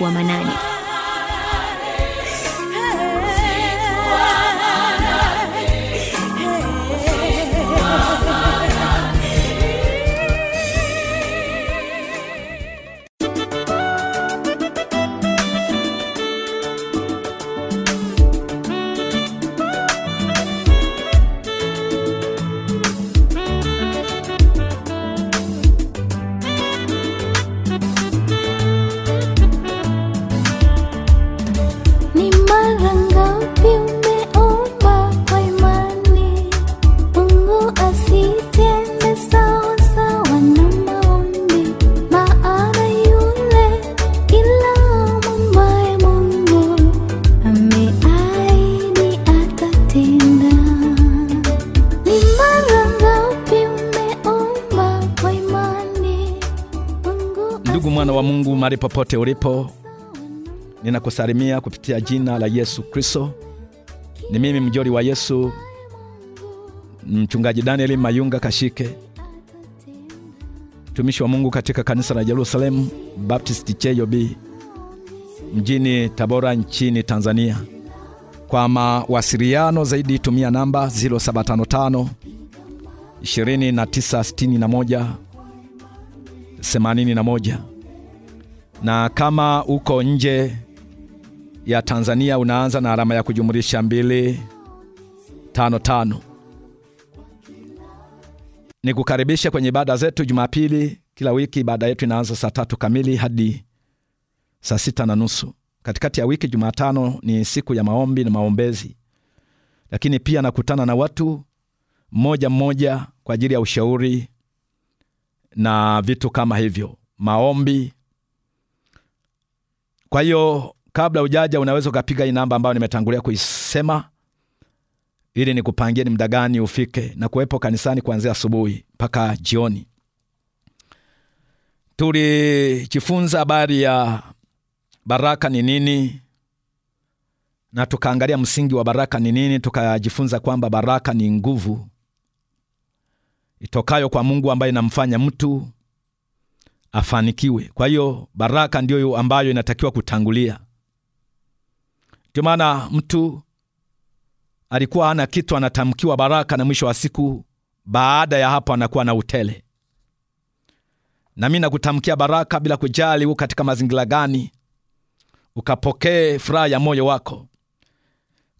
uaminifu wa Manane. mahali popote ulipo, ninakusalimia kupitia jina la Yesu Kristo. Ni mimi mjoli wa Yesu, mchungaji Danieli Mayunga Kashike, mtumishi wa Mungu katika kanisa la Jerusalem Baptist cheyob mjini Tabora nchini Tanzania. Kwa mawasiliano zaidi tumia namba 0755 2961 81 na kama uko nje ya Tanzania unaanza na alama ya kujumlisha mbili tano tano. Nikukaribisha kwenye ibada zetu Jumapili kila wiki. Ibada yetu inaanza saa tatu kamili hadi saa sita na nusu. Katikati ya wiki, Jumatano ni siku ya maombi na maombezi, lakini pia nakutana na watu mmoja mmoja kwa ajili ya ushauri na vitu kama hivyo, maombi kwa hiyo kabla ujaja, unaweza ukapiga hii namba ambayo nimetangulia kuisema ili nikupangie ni muda gani ufike na kuwepo kanisani kuanzia asubuhi mpaka jioni. Tulijifunza habari ya baraka ni nini, na tukaangalia msingi wa baraka ni nini. Tukajifunza kwamba baraka ni nguvu itokayo kwa Mungu ambayo inamfanya mtu afanikiwe. Kwa hiyo baraka ndiyo ambayo inatakiwa kutangulia. Ndio maana mtu alikuwa hana kitu, anatamkiwa baraka, na mwisho wa siku, baada ya hapo, anakuwa na utele. Nami nakutamkia baraka, bila kujali u katika mazingira gani, ukapokee furaha ya moyo wako.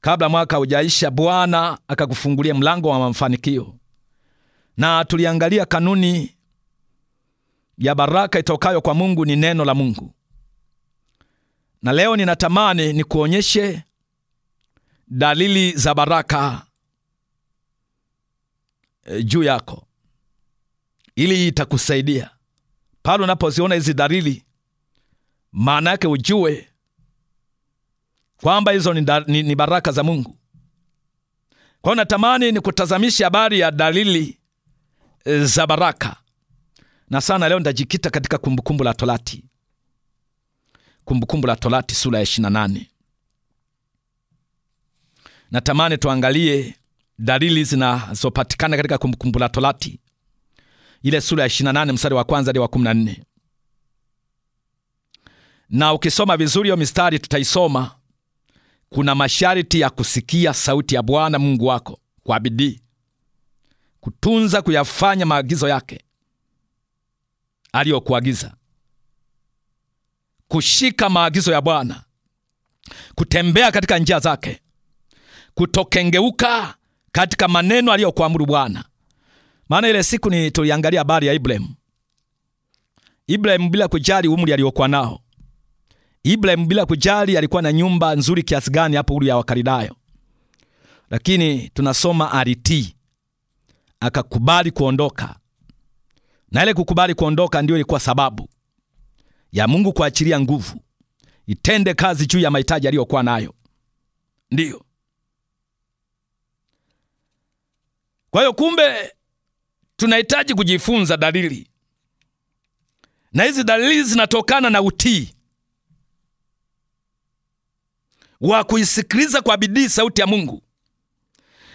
Kabla mwaka hujaisha, Bwana akakufungulia mlango wa mafanikio. Na tuliangalia kanuni ya baraka itokayo kwa Mungu ni neno la Mungu. Na leo ninatamani nikuonyeshe dalili za baraka e, juu yako ili itakusaidia pale unapoziona hizi dalili, maana yake ujue kwamba hizo ni, ni, ni baraka za Mungu. Kwa hiyo natamani nikutazamishe habari ya dalili e, za baraka na sana leo ndajikita katika Kumbukumbu la Torati, Kumbukumbu la Torati sura ya nane. Natamani tuangalie dalili zinazopatikana katika Kumbukumbu la Torati ile sura ya nane mstari wa kwanza hadi wa 14, na ukisoma vizuri hiyo mistari tutaisoma. Kuna masharti ya kusikia sauti ya Bwana Mungu wako kwa bidii, kutunza kuyafanya maagizo yake aliyokuagiza, kushika maagizo ya Bwana, kutembea katika njia zake, kutokengeuka katika maneno aliyokuamuru Bwana. Maana ile siku ni tuliangalia habari ya Ibrahimu. Ibrahimu bila kujali umri aliokuwa nao, Ibrahimu bila kujali alikuwa na nyumba nzuri kiasi gani hapo ulu ya Wakaridayo, lakini tunasoma alitii, akakubali kuondoka na ile kukubali kuondoka ndiyo ilikuwa sababu ya Mungu kuachilia nguvu itende kazi juu ya mahitaji aliyokuwa nayo. Ndiyo, kwa hiyo kumbe tunahitaji kujifunza dalili, na hizi dalili zinatokana na utii wa kuisikiliza kwa bidii sauti ya Mungu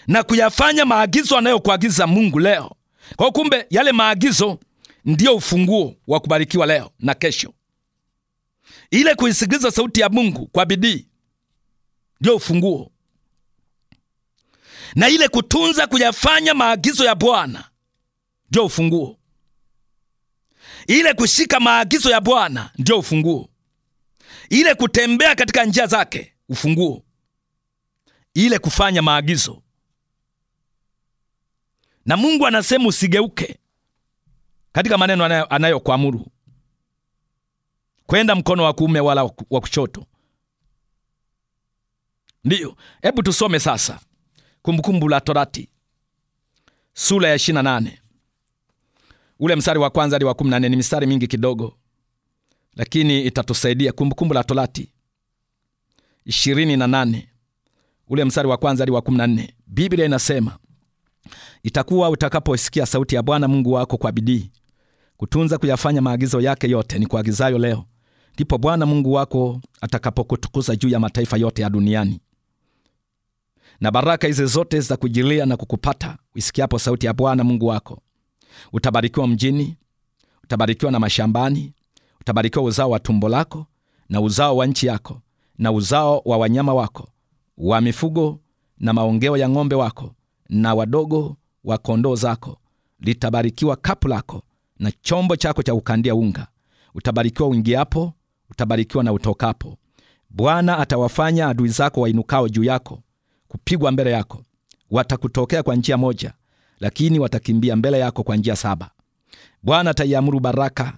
na kuyafanya maagizo anayokuagiza Mungu leo kwa kumbe yale maagizo ndiyo ufunguo wa kubarikiwa leo na kesho. Ile kuisikiliza sauti ya Mungu kwa bidii ndiyo ufunguo, na ile kutunza kuyafanya maagizo ya Bwana ndiyo ufunguo. Ile kushika maagizo ya Bwana ndiyo ufunguo. Ile kutembea katika njia zake ufunguo. Ile kufanya maagizo na Mungu anasema usigeuke katika maneno anayokuamuru anayo kwenda mkono wa kuume wala wa kushoto. Ndiyo, hebu tusome sasa Kumbukumbu la Torati sura ya 28 ule mstari wa kwanza hadi wa 14. Ni mistari mingi kidogo, lakini itatusaidia. Kumbukumbu la Torati 28 ule mstari wa kwanza hadi wa 14, Biblia inasema Itakuwa utakapoisikia sauti ya Bwana Mungu wako kwa bidii kutunza kuyafanya maagizo yake yote ni kuagizayo leo, ndipo Bwana Mungu wako atakapokutukuza juu ya mataifa yote ya duniani. Na baraka hizi zote za kujilia na kukupata uisikiapo sauti ya Bwana Mungu wako. Utabarikiwa mjini, utabarikiwa na mashambani, utabarikiwa uzao wa tumbo lako na uzao wa nchi yako na uzao wa wanyama wako wa mifugo na maongeo ya ng'ombe wako na wadogo wa kondoo zako. Litabarikiwa kapu lako na chombo chako cha kukandia unga. Utabarikiwa uingiapo, utabarikiwa na utokapo. Bwana atawafanya adui zako wainukao juu yako kupigwa mbele yako. Watakutokea kwa njia moja, lakini watakimbia mbele yako kwa njia saba. Bwana ataiamuru baraka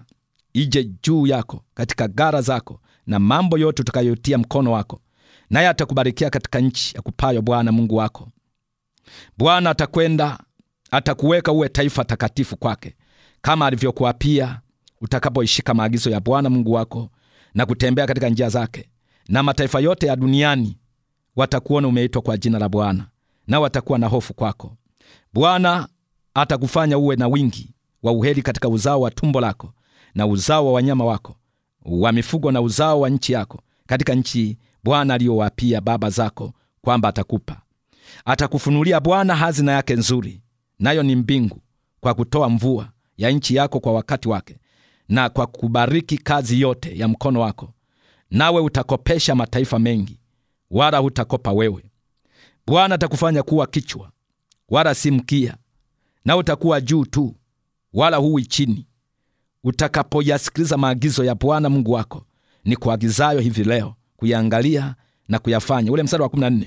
ije juu yako katika gara zako na mambo yote utakayotia mkono wako, naye atakubarikia katika nchi kupayo Bwana Mungu wako. Bwana atakwenda atakuweka uwe taifa takatifu kwake, kama alivyokuapia, utakapoishika maagizo ya Bwana Mungu wako na kutembea katika njia zake. Na mataifa yote ya duniani watakuona umeitwa kwa jina la Bwana, na watakuwa na hofu kwako. Bwana atakufanya uwe na wingi wa uheri katika uzao wa tumbo lako na uzao wa wanyama wako wa mifugo na uzao wa nchi yako, katika nchi Bwana aliyowapia baba zako kwamba atakupa. Atakufunulia Bwana hazina yake nzuri, nayo ni mbingu, kwa kutoa mvua ya nchi yako kwa wakati wake, na kwa kubariki kazi yote ya mkono wako. Nawe utakopesha mataifa mengi, wala hutakopa wewe. Bwana atakufanya kuwa kichwa, wala si mkia, na utakuwa juu tu, wala huwi chini, utakapoyasikiliza maagizo ya Bwana Mungu wako ni kuagizayo hivi leo kuyaangalia na kuyafanya. Ule mstari wa 14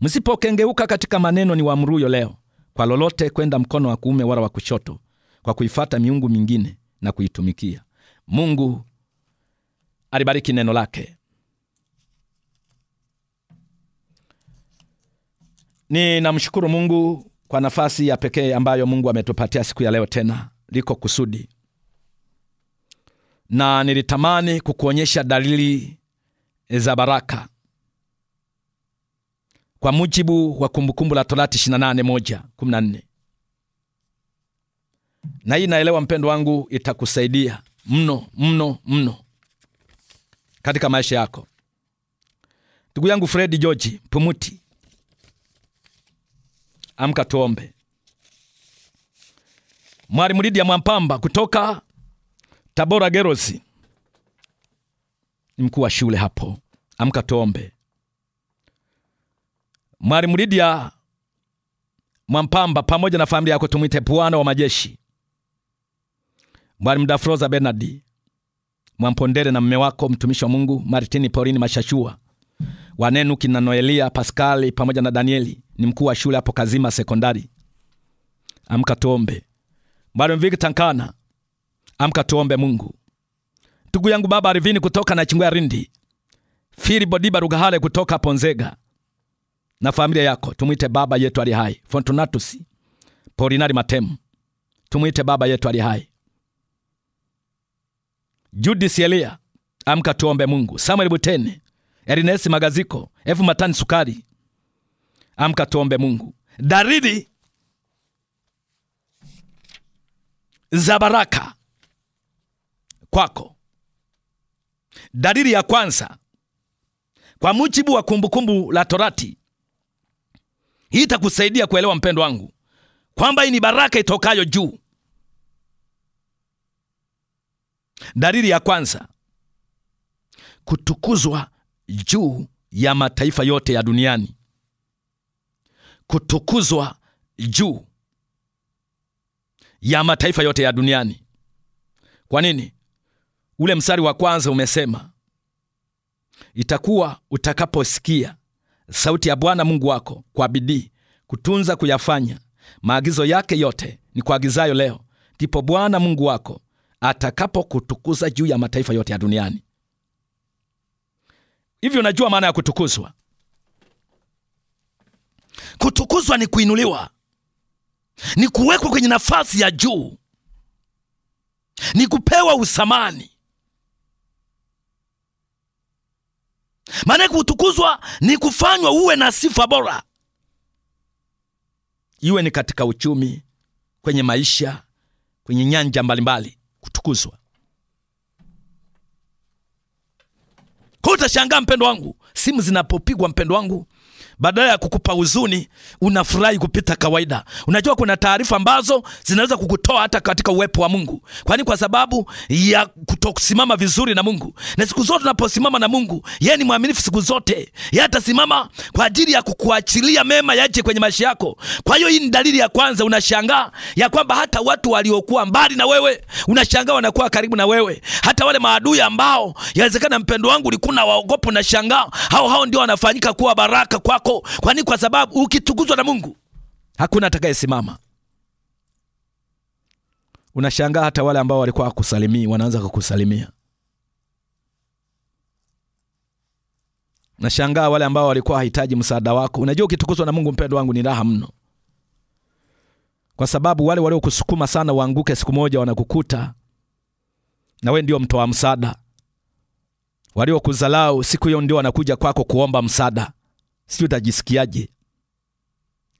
msipokengeuka katika maneno ni wamruyo leo kwa lolote kwenda mkono wa kuume wala wa kushoto kwa kuifata miungu mingine na kuitumikia. Mungu alibariki neno lake. Ninamshukuru Mungu kwa nafasi ya pekee ambayo Mungu ametupatia siku ya leo. Tena liko kusudi, na nilitamani kukuonyesha dalili za baraka kwa mujibu wa Kumbukumbu la Torati 28:14. Na hii naelewa, mpendo wangu, itakusaidia mno mno mno katika maisha yako. Ndugu yangu Fredi George Pumuti, amka tuombe. Mwalimu Lidia Mwampamba kutoka Tabora Gerosi ni mkuu wa shule hapo, amka tuombe. Mwalimu Lydia Mwampamba pamoja na familia yako tumwite Bwana wa majeshi. Mwalimu Dafroza Bernardi Mwampondere na mme wako mtumishi wa Mungu Martini Paulini Mashashua, wanenu kina Noelia Paskali pamoja na Danieli ni mkuu wa shule hapo Kazima Sekondari. Amka tuombe. Mwalimu Victor Nkana, amka tuombe Mungu. Ndugu yangu Baba Arivini kutoka na Chingwa Rindi, Fili Bodiba Rugahale kutoka Ponzega na familia yako. Tumwite Baba yetu ali hai, Fortunatus Polinari Matemu. Tumwite Baba yetu ali hai. Judith Elia, amka tuombe Mungu. Samuel Butene, Ernesi Magaziko, Efu Matani Sukari, amka tuombe Mungu. Daridi za baraka kwako. Dalili ya kwanza, kwa mujibu wa Kumbukumbu la Torati hii itakusaidia kuelewa, mpendo wangu, kwamba hii ni baraka itokayo juu. Dalili ya kwanza, kutukuzwa juu ya mataifa yote ya duniani. Kutukuzwa juu ya mataifa yote ya duniani. Kwa nini? Ule msari wa kwanza umesema, itakuwa utakaposikia sauti ya Bwana Mungu wako kwa bidii kutunza kuyafanya maagizo yake yote ni kuagizayo leo, ndipo Bwana Mungu wako atakapokutukuza juu ya mataifa yote ya duniani. Hivyo unajua maana ya kutukuzwa. Kutukuzwa ni kuinuliwa, ni kuwekwa kwenye nafasi ya juu, ni kupewa usamani, Maana kutukuzwa ni kufanywa uwe na sifa bora, iwe ni katika uchumi, kwenye maisha, kwenye nyanja mbalimbali, kutukuzwa kwa. Utashangaa mpendo wangu, simu zinapopigwa mpendo wangu badala ya kukupa huzuni unafurahi kupita kawaida. Unajua kuna taarifa ambazo zinaweza kukutoa hata katika uwepo wa Mungu, kwani kwa sababu ya kutosimama vizuri na Mungu. Na siku zote unaposimama na Mungu, yeye ni mwaminifu siku zote, yeye atasimama kwa ajili ya kukuachilia mema yaje kwenye maisha yako. Kwa hiyo hii ni dalili ya kwanza, unashangaa ya kwamba hata watu waliokuwa mbali na wewe unashangaa wanakuwa karibu na wewe, hata wale maadui ambao yawezekana, mpendo wangu, ulikuwa na waogopa, unashangaa hao hao ndio wanafanyika kuwa baraka kwako, kwani kwa sababu ukitukuzwa na Mungu hakuna atakayesimama. Unashangaa hata wale ambao walikuwa hakusalimii wanaanza kukusalimia. Unashangaa wale ambao walikuwa hawahitaji msaada wako. Unajua, ukitukuzwa na Mungu, mpendo wangu, ni raha mno, kwa sababu wale waliokusukuma sana waanguke, siku moja wanakukuta na wewe ndio mtoa msaada. Waliokuzalau siku hiyo ndio wanakuja kwako kuomba msaada si utajisikiaje?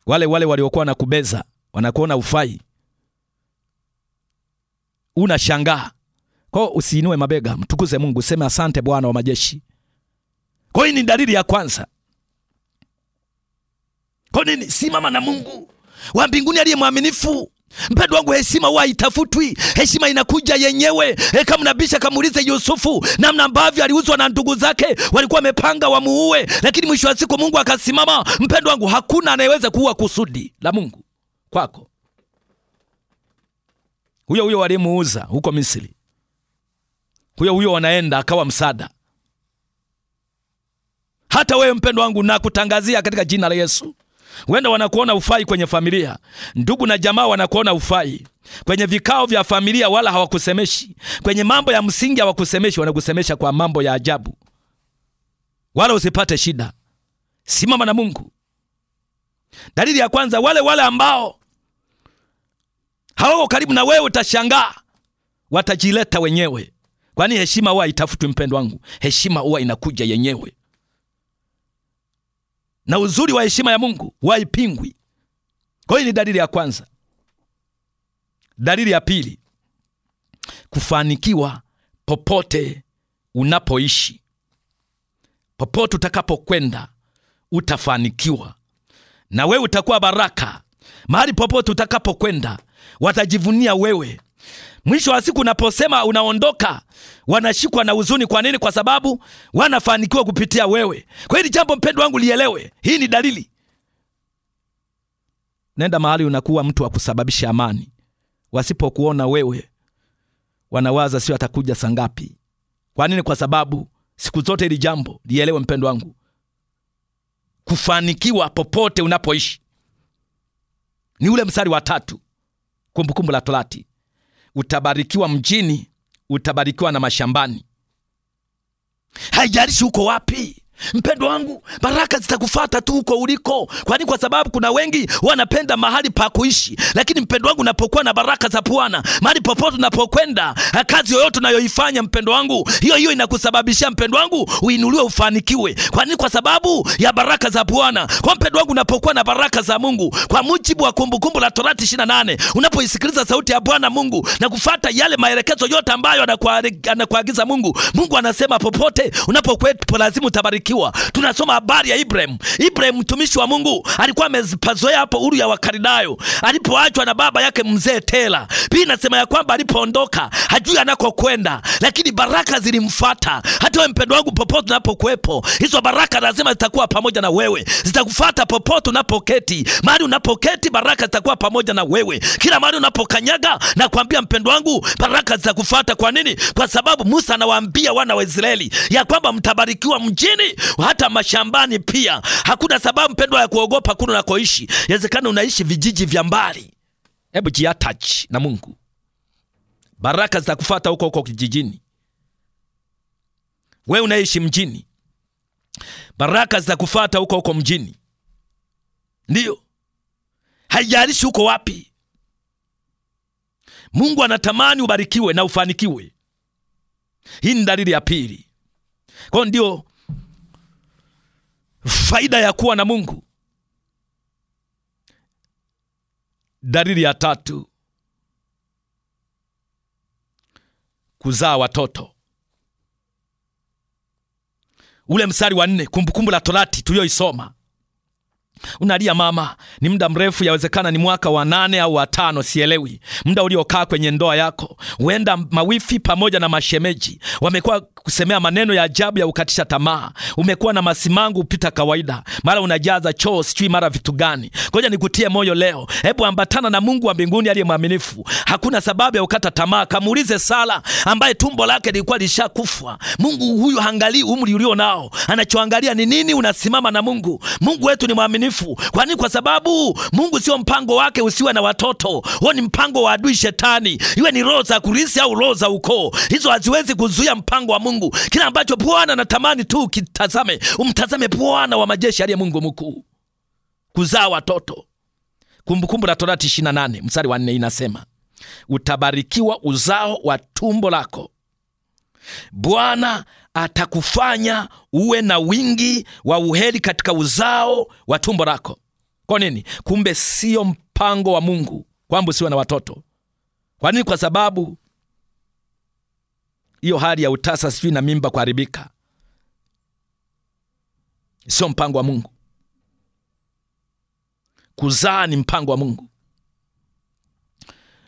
Wale wale waliokuwa na kubeza wanakuona ufai, unashangaa. Kwa hiyo usiinue mabega, mtukuze Mungu, sema asante Bwana wa majeshi. Kwa hiyo ni dalili ya kwanza. Kwa nini? Simama na Mungu wa mbinguni aliye mwaminifu mpendo wangu, heshima huwa haitafutwi, heshima inakuja yenyewe. Eh, kama nabisha, akamuulize Yusufu namna ambavyo aliuzwa na ndugu zake, walikuwa wamepanga wamuue, lakini mwisho wa siku Mungu akasimama. mpendo wangu, hakuna anayeweza kuua kusudi la Mungu kwako. Huyo huyo walimuuza huko Misri, huyo huyo wanaenda akawa msaada. Hata wewe mpendo wangu, nakutangazia katika jina la Yesu Wenda wanakuona ufai kwenye familia, ndugu na jamaa wanakuona ufai kwenye vikao vya familia, wala hawakusemeshi kwenye mambo ya msingi, hawakusemeshi wanakusemesha kwa mambo ya ajabu, wala usipate shida. Simama na Mungu. Dalili ya kwanza, wale wale ambao hawako karibu na wewe, utashangaa watajileta wenyewe, kwani heshima huwa itafutwi. Mpendo wangu, heshima huwa inakuja yenyewe na uzuri wa heshima ya Mungu waipingwi. Kwa hiyo ni dalili ya kwanza. Dalili ya pili, kufanikiwa popote unapoishi, popote utakapokwenda utafanikiwa, na wewe utakuwa baraka mahali popote utakapokwenda, watajivunia wewe Mwisho wa siku unaposema unaondoka, wanashikwa na huzuni. Kwa nini? Kwa sababu wanafanikiwa kupitia wewe. Kwa hili jambo, mpendo wangu, lielewe, hii ni dalili. Nenda mahali unakuwa mtu wa kusababisha amani. Wasipokuona wewe, wanawaza sio atakuja saa ngapi. Kwa nini? Kwa sababu siku zote hili jambo lielewe, mpendo wangu, kufanikiwa popote unapoishi ni ule mstari wa tatu, Kumbukumbu la Torati utabarikiwa mjini, utabarikiwa na mashambani. Haijalishi uko wapi, mpendo wangu, baraka zitakufata tu huko uliko, kwani kwa sababu kuna wengi wanapenda mahali pa kuishi. Lakini mpendo wangu, unapokuwa na baraka za Bwana mahali popote unapokwenda, eh, kazi yoyote unayoifanya mpendo wangu, hiyo hiyo inakusababishia mpendo wangu uinuliwe, ufanikiwe, kwani kwa sababu ya baraka za Bwana. Kwa mpendo wangu, unapokuwa na baraka za Mungu kwa mujibu wa Kumbukumbu la Torati 28, unapoisikiliza sauti ya Bwana Mungu na kufata yale maelekezo yote ambayo anakuagiza Mungu, Mungu anasema popote unapokuwepo lazima utabariki aliyebarikiwa. Tunasoma habari ya Ibrahim. Ibrahim mtumishi wa Mungu alikuwa amezipazoea hapo Uru ya Wakaridayo alipoachwa na baba yake mzee Tera. Pia inasema ya kwamba alipoondoka hajui anakokwenda, lakini baraka zilimfata. Hata wewe mpendo wangu, popote unapokuwepo, hizo baraka lazima zitakuwa pamoja na wewe, zitakufata popote unapoketi. Mahali unapoketi, baraka zitakuwa pamoja na wewe kila mahali unapokanyaga. Nakwambia mpendo wangu, baraka zitakufata. Kwa nini? Kwa sababu Musa anawaambia wana wa Israeli ya kwamba mtabarikiwa mjini hata mashambani pia. Hakuna sababu mpendwa ya kuogopa kuna unakoishi. Inawezekana unaishi vijiji vya mbali, hebu jiatach na Mungu, baraka zitakufata huko huko kijijini. We unaishi mjini, baraka zitakufata huko huko mjini, ndiyo haijalishi huko wapi. Mungu anatamani ubarikiwe na ufanikiwe. Hii ni dalili ya pili. Kwa hiyo ndio faida ya kuwa na Mungu. Dalili ya tatu, kuzaa watoto. Ule mstari wa nne, Kumbukumbu la Torati tuliyoisoma Unalia mama, ni muda mrefu, yawezekana ni mwaka wa nane au wa tano, sielewi muda uliokaa kwenye ndoa yako. Huenda mawifi pamoja na mashemeji wamekuwa kusemea maneno ya ajabu ya kukatisha tamaa. Umekuwa na masimangu upita kawaida, mara unajaza choo, sijui mara vitu gani. Ngoja nikutie moyo leo, hebu ambatana na Mungu wa mbinguni aliye mwaminifu. Hakuna sababu ya kukata tamaa. Kamuulize Sara ambaye tumbo lake lilikuwa lishakufa. Mungu huyu hangalii umri ulio nao, anachoangalia ni nini unasimama na Mungu. Mungu wetu ni mwaminifu. Kwa nini? Kwa sababu Mungu sio mpango wake usiwe na watoto. Huo ni mpango wa adui Shetani, iwe ni roho za kurisi au roho za ukoo, hizo haziwezi kuzuia mpango wa Mungu. Mungu, Kila ambacho Bwana anatamani tu ukitazame, umtazame Bwana wa majeshi aliye Mungu mkuu, kuzaa watoto. Kumbukumbu la Torati 28 mstari wa 4 inasema, utabarikiwa uzao wa tumbo lako, Bwana atakufanya uwe na wingi wa uheri katika uzao wa tumbo lako. Kwa nini? Kumbe sio mpango wa Mungu kwamba usiwe na watoto. Kwa nini? Kwa sababu hiyo hali ya utasa sifi na mimba kuharibika, sio mpango wa Mungu. Kuzaa ni mpango wa Mungu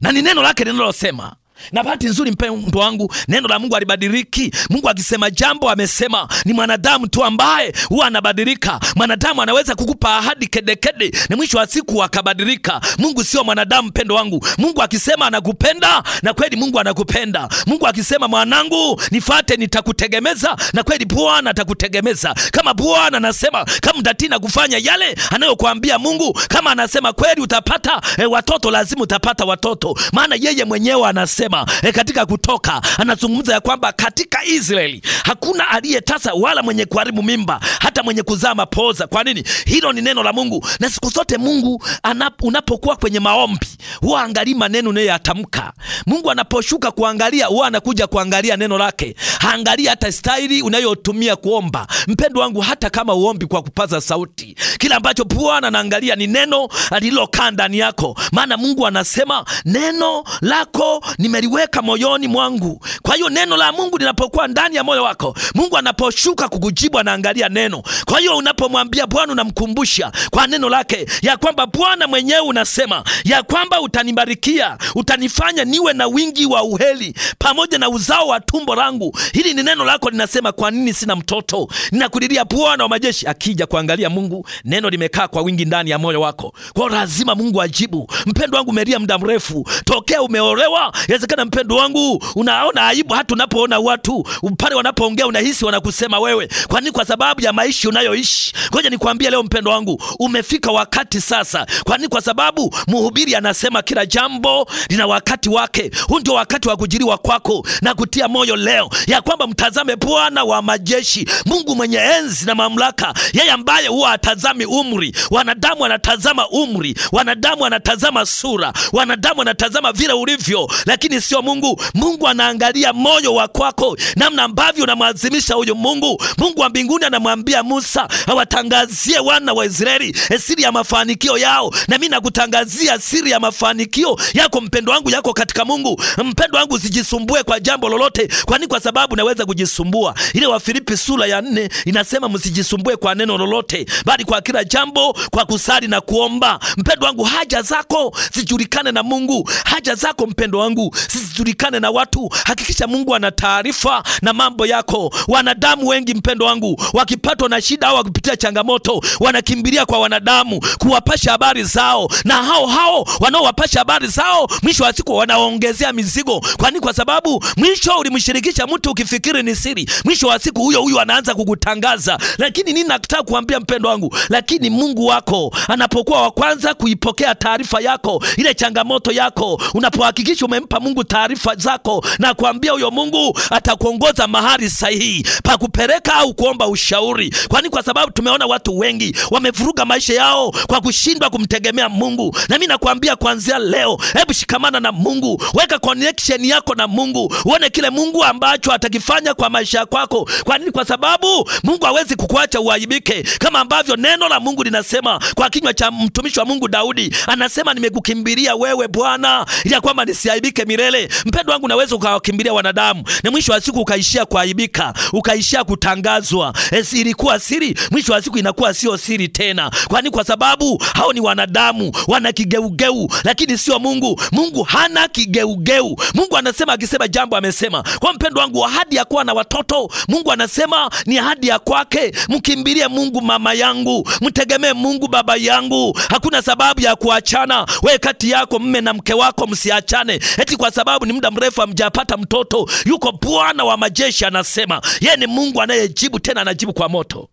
na ni neno lake linalosema na bahati nzuri, mpe mtu wangu, neno la Mungu halibadiliki. Mungu akisema jambo amesema. Ni mwanadamu tu ambaye huwa anabadilika. Mwanadamu anaweza kukupa ahadi kedekede na mwisho wa siku akabadilika. Mungu sio mwanadamu, mpendo wangu. Mungu akisema anakupenda na kweli Mungu anakupenda. Mungu akisema mwanangu, nifate, nitakutegemeza na kweli Bwana atakutegemeza. Kama Bwana anasema, kama mtati na kufanya yale anayokuambia Mungu, kama anasema kweli utapata eh, watoto lazima utapata watoto, maana yeye mwenyewe anasema anasema e, katika Kutoka anazungumza ya kwamba katika Israeli hakuna aliyetasa wala mwenye kuharibu mimba hata mwenye kuzaa mapoza. Kwa nini? Hilo ni neno la Mungu, na siku zote Mungu anap, unapokuwa kwenye maombi huwa angalii maneno nayo yatamka. Mungu anaposhuka kuangalia huwa anakuja kuangalia neno lake, haangalii hata staili unayotumia kuomba. Mpendo wangu, hata kama uombi kwa kupaza sauti, kila ambacho Bwana anaangalia ni neno alilokaa ndani yako, maana Mungu anasema neno lako nime umeliweka moyoni mwangu. Kwa hiyo neno la Mungu linapokuwa ndani ya moyo wako, Mungu anaposhuka kukujibu anaangalia neno. Kwa hiyo unapomwambia Bwana, unamkumbusha kwa neno lake ya kwamba Bwana mwenyewe unasema ya kwamba utanibarikia, utanifanya niwe na wingi wa uheli pamoja na uzao wa tumbo langu. Hili ni neno lako linasema. Kwa nini sina mtoto? Ninakulilia Bwana wa majeshi. Akija kuangalia Mungu, neno limekaa kwa wingi ndani ya moyo wako, kwa lazima Mungu ajibu. Mpendo wangu, umelia muda mrefu tokea umeolewa inawezekana mpendo wangu, unaona aibu hata unapoona watu pale wanapoongea, unahisi wanakusema wewe. Kwa nini? Kwa sababu ya maisha unayoishi. Ngoja nikwambie leo mpendo wangu, umefika wakati sasa. Kwa nini? Kwa sababu mhubiri anasema kila jambo lina wakati wake. Huu ndio wakati wa kujiriwa kwako na kutia moyo leo ya kwamba mtazame Bwana wa majeshi, Mungu mwenye enzi na mamlaka, yeye ambaye huwa atazami umri. Wanadamu anatazama umri, wanadamu anatazama sura, wanadamu anatazama vile ulivyo, lakini sio Mungu. Mungu anaangalia moyo wa kwako, namna ambavyo unamwazimisha huyu Mungu. Mungu wa mbinguni anamwambia Musa awatangazie wana wa Israeli eh, siri ya mafanikio yao, na mimi nakutangazia siri ya mafanikio yako, mpendo wangu, yako katika Mungu. Mpendo wangu, usijisumbue kwa jambo lolote, kwani kwa sababu naweza kujisumbua. Ile Wafilipi sura ya nne inasema msijisumbue kwa neno lolote, bali kwa kila jambo kwa kusali na kuomba. Mpendo wangu, haja zako zijulikane na Mungu, haja zako mpendo wangu zisijulikane na watu. Hakikisha Mungu ana taarifa na mambo yako. Wanadamu wengi, mpendo wangu, wakipatwa na shida au wakipitia changamoto, wanakimbilia kwa wanadamu kuwapasha habari zao, na hao hao wanaowapasha habari zao, mwisho wa siku wanaongezea mizigo. Kwani kwa sababu mwisho ulimshirikisha mtu ukifikiri ni siri, mwisho wa siku huyo huyo anaanza kukutangaza. Lakini nini nakutaka kuambia mpendo wangu, lakini Mungu wako anapokuwa wa kwanza kuipokea taarifa yako, ile changamoto yako, unapohakikisha umempa Mungu Mungu taarifa zako, na kuambia huyo Mungu atakuongoza mahali sahihi pa kupeleka au kuomba ushauri, kwani kwa sababu tumeona watu wengi wamevuruga maisha yao kwa kushindwa kumtegemea Mungu. Nami nakwambia kuanzia leo, hebu shikamana na Mungu, weka connection yako na Mungu, uone kile Mungu ambacho atakifanya kwa maisha kwako. Kwa nini? Kwa sababu Mungu hawezi kukuacha uaibike, kama ambavyo neno la Mungu linasema kwa kinywa cha mtumishi wa Mungu Daudi, anasema nimekukimbilia wewe Bwana, ili kwamba nisiaibike milele milele. Mpendo wangu, unaweza ukawakimbilia wanadamu na mwisho wa siku ukaishia kuaibika, ukaishia kutangazwa. Es, eh, ilikuwa siri, mwisho wa siku inakuwa sio siri tena. Kwani kwa sababu hao ni wanadamu, wana kigeugeu, lakini sio Mungu. Mungu hana kigeugeu. Mungu anasema, akisema jambo amesema. Kwa mpendo wangu, ahadi ya kuwa na watoto, Mungu anasema ni ahadi ya kwake. Mkimbilie Mungu mama yangu, mtegemee Mungu baba yangu. Hakuna sababu ya kuachana we kati yako mme na mke wako, msiachane eti kwa sababu ni muda mrefu amjapata mtoto. Yuko Bwana wa majeshi anasema, yeye ni Mungu anayejibu, tena anajibu kwa moto.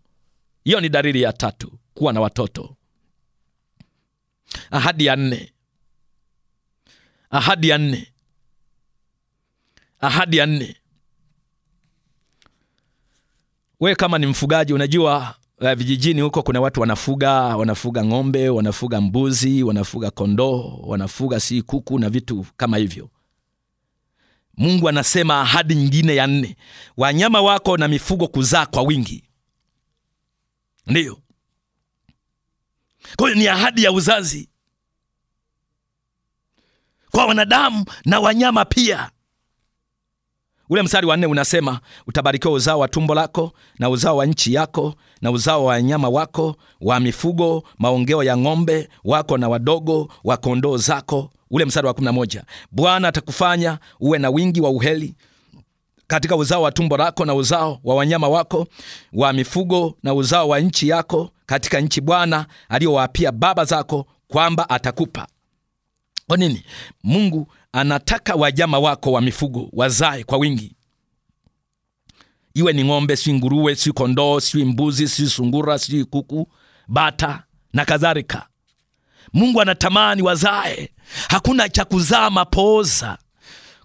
Hiyo ni dalili ya tatu, kuwa na watoto. Ahadi ya nne, ahadi ya nne, ahadi ya nne. We kama ni mfugaji unajua Uh, vijijini huko kuna watu wanafuga wanafuga ng'ombe, wanafuga mbuzi, wanafuga kondoo, wanafuga si kuku na vitu kama hivyo. Mungu anasema ahadi nyingine ya nne, wanyama wako na mifugo kuzaa kwa wingi. Ndiyo, kwa hiyo ni ahadi ya uzazi kwa wanadamu na wanyama pia. Ule mstari wa nne unasema utabarikiwa uzao wa tumbo lako na uzao wa nchi yako na uzao wa wanyama wako wa mifugo, maongeo ya ng'ombe wako na wadogo wa kondoo zako. Ule msara wa kumi na moja, Bwana atakufanya uwe na wingi wa uheli katika uzao wa tumbo lako na uzao wa wanyama wako wa mifugo na uzao wa nchi yako katika nchi Bwana aliyowaapia baba zako kwamba atakupa. Kwa nini Mungu anataka wajama wako wa mifugo wazae kwa wingi? iwe ni ng'ombe, si nguruwe, si kondoo, si mbuzi, si sungura, si kuku, bata na kadhalika. Mungu anatamani wazae, hakuna cha kuzaa mapooza.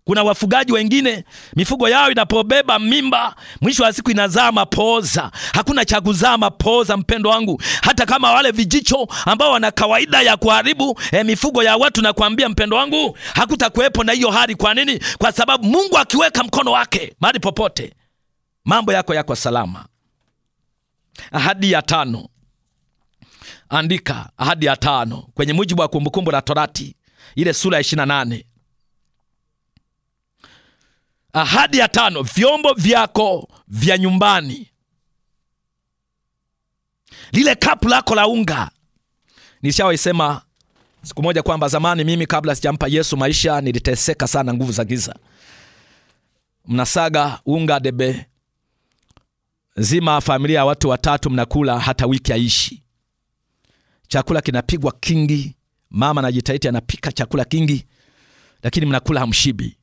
Kuna wafugaji wengine mifugo yao inapobeba mimba, mwisho wa siku inazaa mapooza. Hakuna cha kuzaa mapooza, mpendo wangu. Hata kama wale vijicho ambao wana kawaida ya kuharibu eh, mifugo ya watu, nakwambia mpendo wangu, hakutakuwepo na hiyo hali. Kwa nini? Kwa sababu Mungu akiweka mkono wake mahali popote mambo yako yako salama. Ahadi ya tano, andika ahadi ya tano kwenye mujibu wa Kumbukumbu la Torati ile sura ya 28. Ahadi ya tano, vyombo vyako vya nyumbani, lile kapu lako la unga. Nishawaisema siku moja kwamba zamani mimi kabla sijampa Yesu maisha niliteseka sana, nguvu za giza. Mnasaga unga debe zima, familia ya watu watatu mnakula hata wiki aishi. Chakula kinapigwa kingi, mama anajitahidi, anapika chakula kingi, lakini mnakula hamshibi.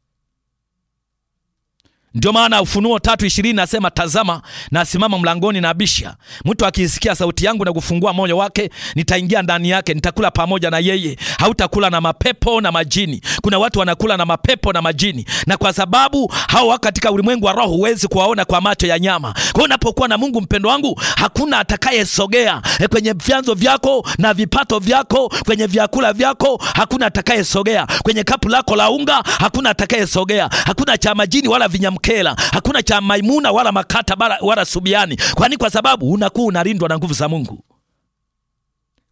Ndio maana Ufunuo tatu ishirini nasema, tazama nasimama mlangoni na bisha, mtu akiisikia sauti yangu na kufungua moyo wake, nitaingia ndani yake, nitakula pamoja na yeye. Hautakula na mapepo na majini. Kuna watu wanakula na mapepo na majini, na kwa sababu hao katika ulimwengu wa roho, huwezi kuwaona kwa macho ya nyama. Kwa hiyo unapokuwa na Mungu, mpendo wangu, hakuna atakayesogea e, kwenye vyanzo vyako na vipato vyako, kwenye vyakula vyako, hakuna atakayesogea. Kwenye kapu lako la unga, hakuna atakayesogea. Hakuna cha majini wala vinyam Mkela, hakuna cha Maimuna wala Makata wala, wala Subiani, kwani kwa sababu unakuwa unalindwa na nguvu za Mungu.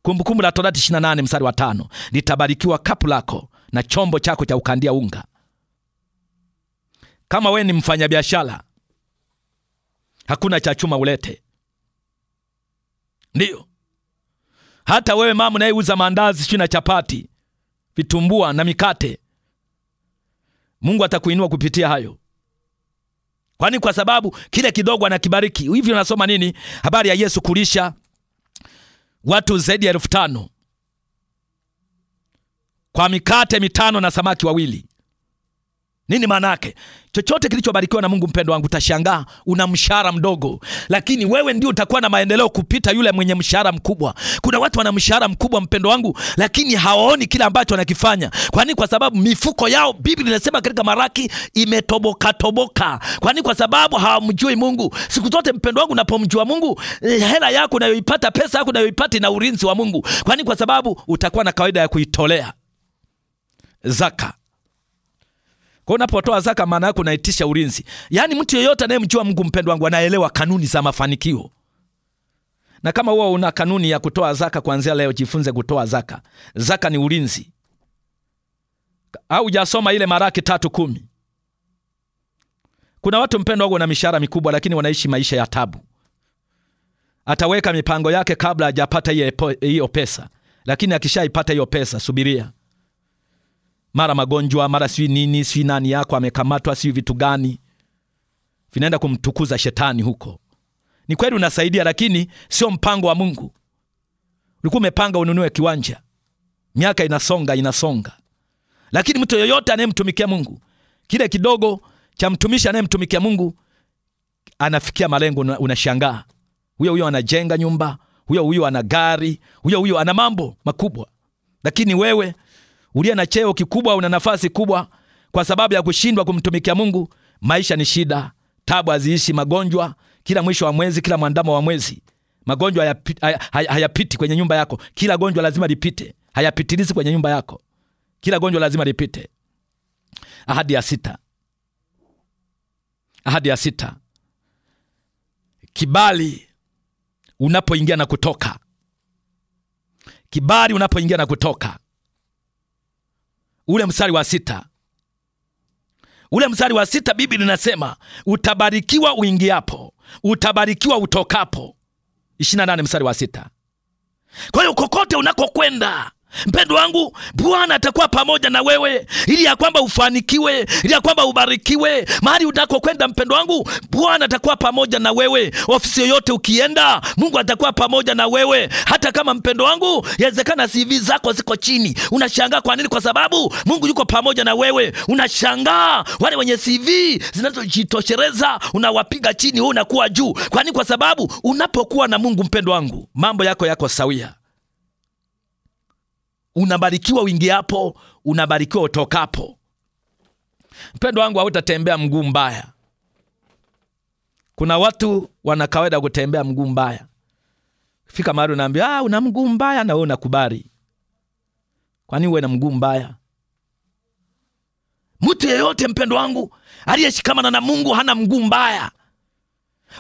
Kumbukumbu la Torati 28 mstari wa tano, litabarikiwa kapu lako na chombo chako cha ukandia unga. Kama we ni mfanyabiashara, hakuna cha chuma ulete. Ndiyo, hata wewe mama unayeuza mandazi sijui na chapati, vitumbua na mikate, Mungu atakuinua kupitia hayo kwani kwa sababu kile kidogo anakibariki. Hivyo nasoma nini? Habari ya Yesu kulisha watu zaidi ya elfu tano kwa mikate mitano na samaki wawili. Nini maana yake? Chochote kilichobarikiwa na Mungu, mpendo wangu, utashangaa una mshahara mdogo, lakini wewe ndio utakuwa na maendeleo kupita yule mwenye mshahara mkubwa. Kuna watu wana mshahara mkubwa, mpendo wangu, lakini hawaoni kile ambacho wanakifanya. Kwani kwa sababu mifuko yao, Biblia inasema katika Maraki, imetoboka toboka. Kwani kwa sababu hawamjui Mungu. Siku zote, mpendo wangu, unapomjua Mungu, eh, hela yako unayoipata, pesa yako unayoipata ina ulinzi wa Mungu. Kwani kwa sababu utakuwa na kawaida ya kuitolea zaka kwa unapotoa zaka, maana yake unaitisha ulinzi. Yaani mtu yeyote anayemjua Mungu, mpendwa wangu, anaelewa kanuni za mafanikio. Na kama wewe una kanuni ya kutoa zaka, kuanzia leo jifunze kutoa zaka. Zaka ni ulinzi. Au jasoma ile Maraki tatu kumi? Kuna watu mpendwa wangu, wana mishahara mikubwa, lakini wanaishi maisha ya tabu. Ataweka mipango yake kabla hajapata hiyo pesa, lakini akishaipata hiyo pesa, subiria mara magonjwa, mara sijui nini, sijui nani yako amekamatwa, sijui vitu gani vinaenda kumtukuza shetani huko. Ni kweli unasaidia, lakini sio mpango wa Mungu. Ulikuwa umepanga ununue kiwanja, miaka inasonga inasonga, lakini mtu yoyote anayemtumikia Mungu, kile kidogo cha mtumishi anayemtumikia Mungu anafikia malengo, unashangaa huyo huyo anajenga nyumba, huyo huyo ana gari, huyo huyo ana mambo makubwa, lakini wewe uliye na cheo kikubwa, una nafasi kubwa, kwa sababu ya kushindwa kumtumikia Mungu, maisha ni shida, tabu haziishi, magonjwa kila mwisho wa mwezi, kila mwandamo wa mwezi, magonjwa hayapiti haya, haya, haya kwenye nyumba yako. Kila gonjwa lazima lipite, hayapitilizi kwenye nyumba yako, kila gonjwa lazima lipite. Ahadi ya sita, ahadi ya sita, kibali unapoingia na kutoka, kibali unapoingia na kutoka ule msari wa sita ule msari wa sita Biblia linasema utabarikiwa uingiapo, utabarikiwa utokapo. 28 msari wa sita. Kwa hiyo kokote unakokwenda Mpendo wangu, Bwana atakuwa pamoja na wewe ili ya kwamba ufanikiwe, ili ya kwamba ubarikiwe mahali utakokwenda. Mpendo wangu, Bwana atakuwa pamoja na wewe. Ofisi yoyote ukienda, Mungu atakuwa pamoja na wewe. Hata kama mpendo wangu, yawezekana CV zako ziko chini, unashangaa kwa nini? Kwa sababu Mungu yuko pamoja na wewe. Unashangaa wale wenye CV zinazojitoshereza unawapiga chini, wewe unakuwa juu. Kwa nini? Kwa sababu unapokuwa na Mungu, mpendo wangu, mambo yako yako sawia. Unabarikiwa uingiapo, unabarikiwa utokapo. Mpendo wangu, hautatembea mguu mbaya. Kuna watu wana kawaida kutembea mguu mbaya. Fika mahali unaambia, ah, una mguu mbaya, na wewe unakubali. Kwani uwe na mguu mbaya? Mtu yeyote mpendo wangu aliyeshikamana na Mungu hana mguu mbaya.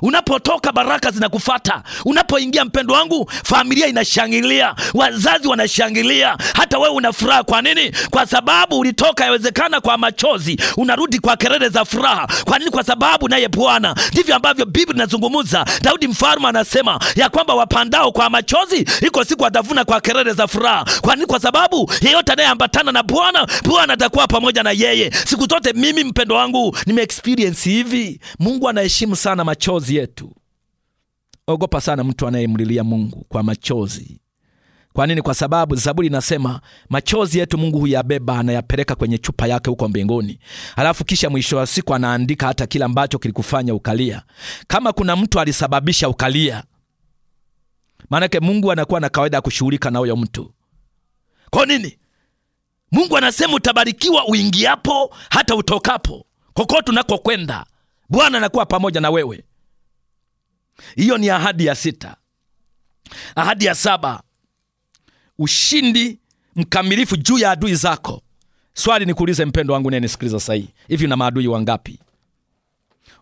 Unapotoka baraka zinakufata. Unapoingia mpendo wangu, familia inashangilia, wazazi wanashangilia, hata wewe una furaha. Kwa nini? Kwa sababu ulitoka, yawezekana kwa machozi, unarudi kwa kelele za furaha. Kwa nini? Kwa sababu naye Bwana, ndivyo ambavyo Biblia inazungumza. Daudi mfalme anasema ya kwamba wapandao kwa machozi, iko siku atavuna kwa kelele za furaha. Kwa nini? Kwa sababu yeyote anayeambatana na Bwana, Bwana atakuwa pamoja na yeye siku zote. Mimi mpendo wangu, nime hivi. Mungu anaheshimu sana machozi machozi yetu. Ogopa sana mtu anayemlilia Mungu kwa machozi. Kwa nini? Kwa sababu Zaburi inasema machozi yetu Mungu huyabeba, anayapeleka kwenye chupa yake huko mbinguni, alafu kisha mwisho wa siku anaandika hata kila ambacho kilikufanya ukalia, kama kuna mtu alisababisha ukalia. Maanake Mungu anakuwa na kawaida ya kushughulika na huyo mtu. Kwa nini? Mungu anasema utabarikiwa uingiapo hata utokapo, kokote unakokwenda Bwana anakuwa pamoja na wewe. Hiyo ni ahadi ya sita. Ahadi ya saba, ushindi mkamilifu juu ya adui zako. Swali nikuulize mpendo wangu nayenisikiliza sahii hivi, na maadui wangapi?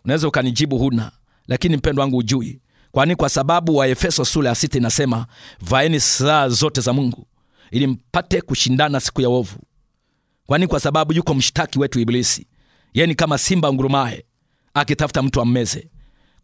Unaweza ukanijibu huna, lakini mpendo wangu ujui, kwani kwa sababu Waefeso sura ya sita inasema vaeni saa zote za Mungu ili mpate kushindana siku ya ovu kwani kwa sababu yuko mshtaki wetu Ibilisi, yeye ni kama simba ngurumaye akitafuta mtu ammeze.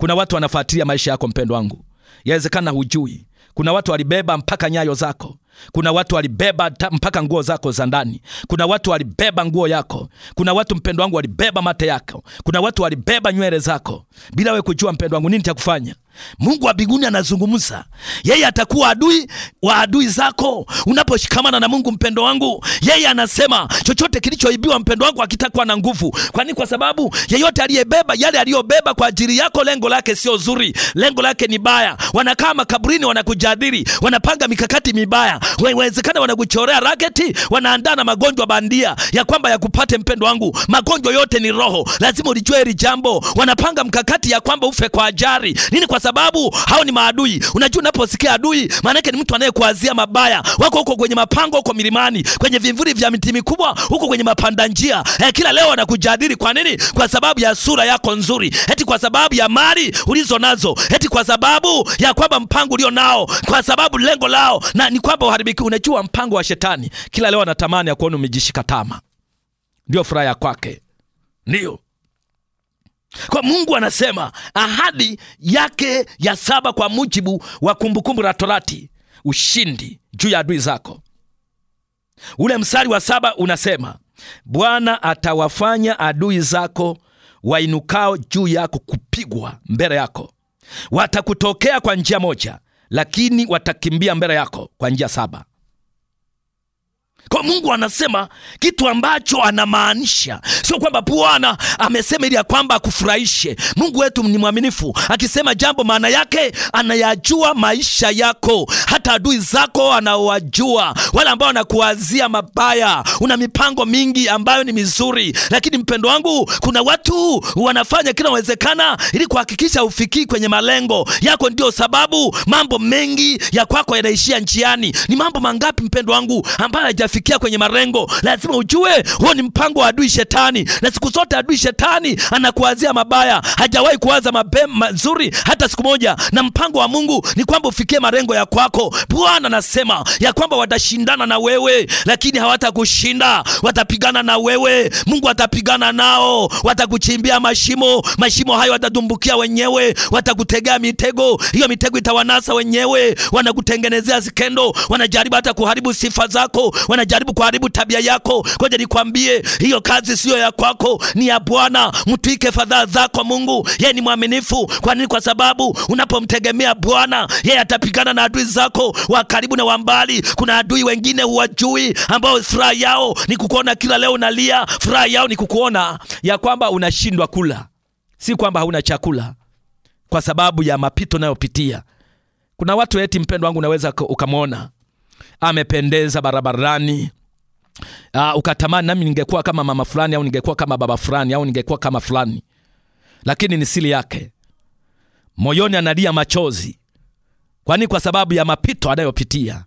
Kuna watu wanafuatilia maisha yako, mpendo wangu, yawezekana hujui. Kuna watu walibeba mpaka nyayo zako. Kuna watu walibeba mpaka nguo zako za ndani. Kuna watu walibeba nguo yako. Kuna watu mpendo wangu, walibeba mate yako. Kuna watu walibeba nywele zako bila we kujua, mpendo wangu. Nini cha kufanya? Mungu wa mbinguni anazungumza, yeye atakuwa adui wa adui zako unaposhikamana na Mungu. Mpendo wangu, yeye anasema chochote kilichoibiwa, mpendo wangu, hakitakwa na nguvu. Kwani kwa sababu yeyote aliyebeba yale aliyobeba kwa ajili yako, lengo lake sio zuri, lengo lake ni baya. Wanakaa makaburini, wanakujadili, wanapanga mikakati mibaya, wawezekana wanakuchorea raketi, wanaandaa na magonjwa bandia ya kwamba yakupate. Mpendo wangu, magonjwa yote ni roho, lazima ulijua hili jambo. Wanapanga mkakati ya kwamba ufe kwa ajali nini? Kwa sababu hao ni maadui. Unajua, unaposikia adui maana yake ni mtu anayekuazia mabaya. Wako huko kwenye mapango, huko milimani, kwenye vivuli vya miti mikubwa, huko kwenye mapanda njia eh, kila leo wanakujadili. Kwa nini? Kwa sababu ya sura yako nzuri, eti kwa sababu ya mali ulizo nazo, eti kwa sababu ya kwamba mpango ulio nao, kwa sababu lengo lao na ni kwamba uharibiki. Unajua, mpango wa shetani kila leo anatamani ya kuona umejishika tama, ndio furaha kwake, ndio kwa Mungu anasema ahadi yake ya saba kwa mujibu wa Kumbukumbu la Torati, ushindi juu ya adui zako. Ule mstari wa saba unasema Bwana atawafanya adui zako wainukao juu yako kupigwa mbele yako. Watakutokea kwa njia moja, lakini watakimbia mbele yako kwa njia saba. Kwa Mungu anasema kitu ambacho anamaanisha, sio kwamba Bwana amesema ili ya kwamba akufurahishe. Mungu wetu ni mwaminifu, akisema jambo maana yake anayajua maisha yako, hata adui zako anawajua, wale ambao wanakuwazia mabaya. Una mipango mingi ambayo ni mizuri, lakini mpendo wangu, kuna watu wanafanya kila wezekana ili kuhakikisha ufikii kwenye malengo yako. Ndio sababu mambo mengi ya kwako yanaishia njiani. Ni mambo mangapi mpendo wangu ambayo kufikia kwenye marengo. Lazima ujue huo ni mpango wa adui shetani, na siku zote adui shetani anakuazia mabaya, hajawahi kuwaza mapema mazuri hata siku moja. Na mpango wa Mungu ni kwamba ufikie marengo ya kwako. Bwana anasema ya kwamba watashindana na wewe, lakini hawatakushinda. Watapigana na wewe, Mungu atapigana nao, watakuchimbia mashimo, mashimo hayo watadumbukia wenyewe, watakutegea mitego, hiyo mitego itawanasa wenyewe, wanakutengenezea sikendo, wanajaribu hata kuharibu sifa zako, wana anajaribu kuharibu tabia yako. Ngoja nikwambie, hiyo kazi siyo ya kwako, ni ya Bwana. Mtwike fadhaa zako Mungu, yeye ni mwaminifu. Kwa nini? Kwa sababu unapomtegemea Bwana, yeye atapigana na adui zako wa karibu na wa mbali. Kuna adui wengine huwajui, ambao furaha yao ni kukuona kila leo unalia, furaha yao ni kukuona ya kwamba unashindwa kula, si kwamba hauna chakula, kwa sababu ya mapito unayopitia. Kuna watu eti, mpendo wangu, unaweza ukamwona amependeza barabarani. Uh, ukatamani nami ningekuwa kama mama fulani au ningekuwa kama baba fulani au ningekuwa kama fulani, lakini ni siri yake. Moyoni analia machozi, kwani kwa sababu ya mapito anayopitia,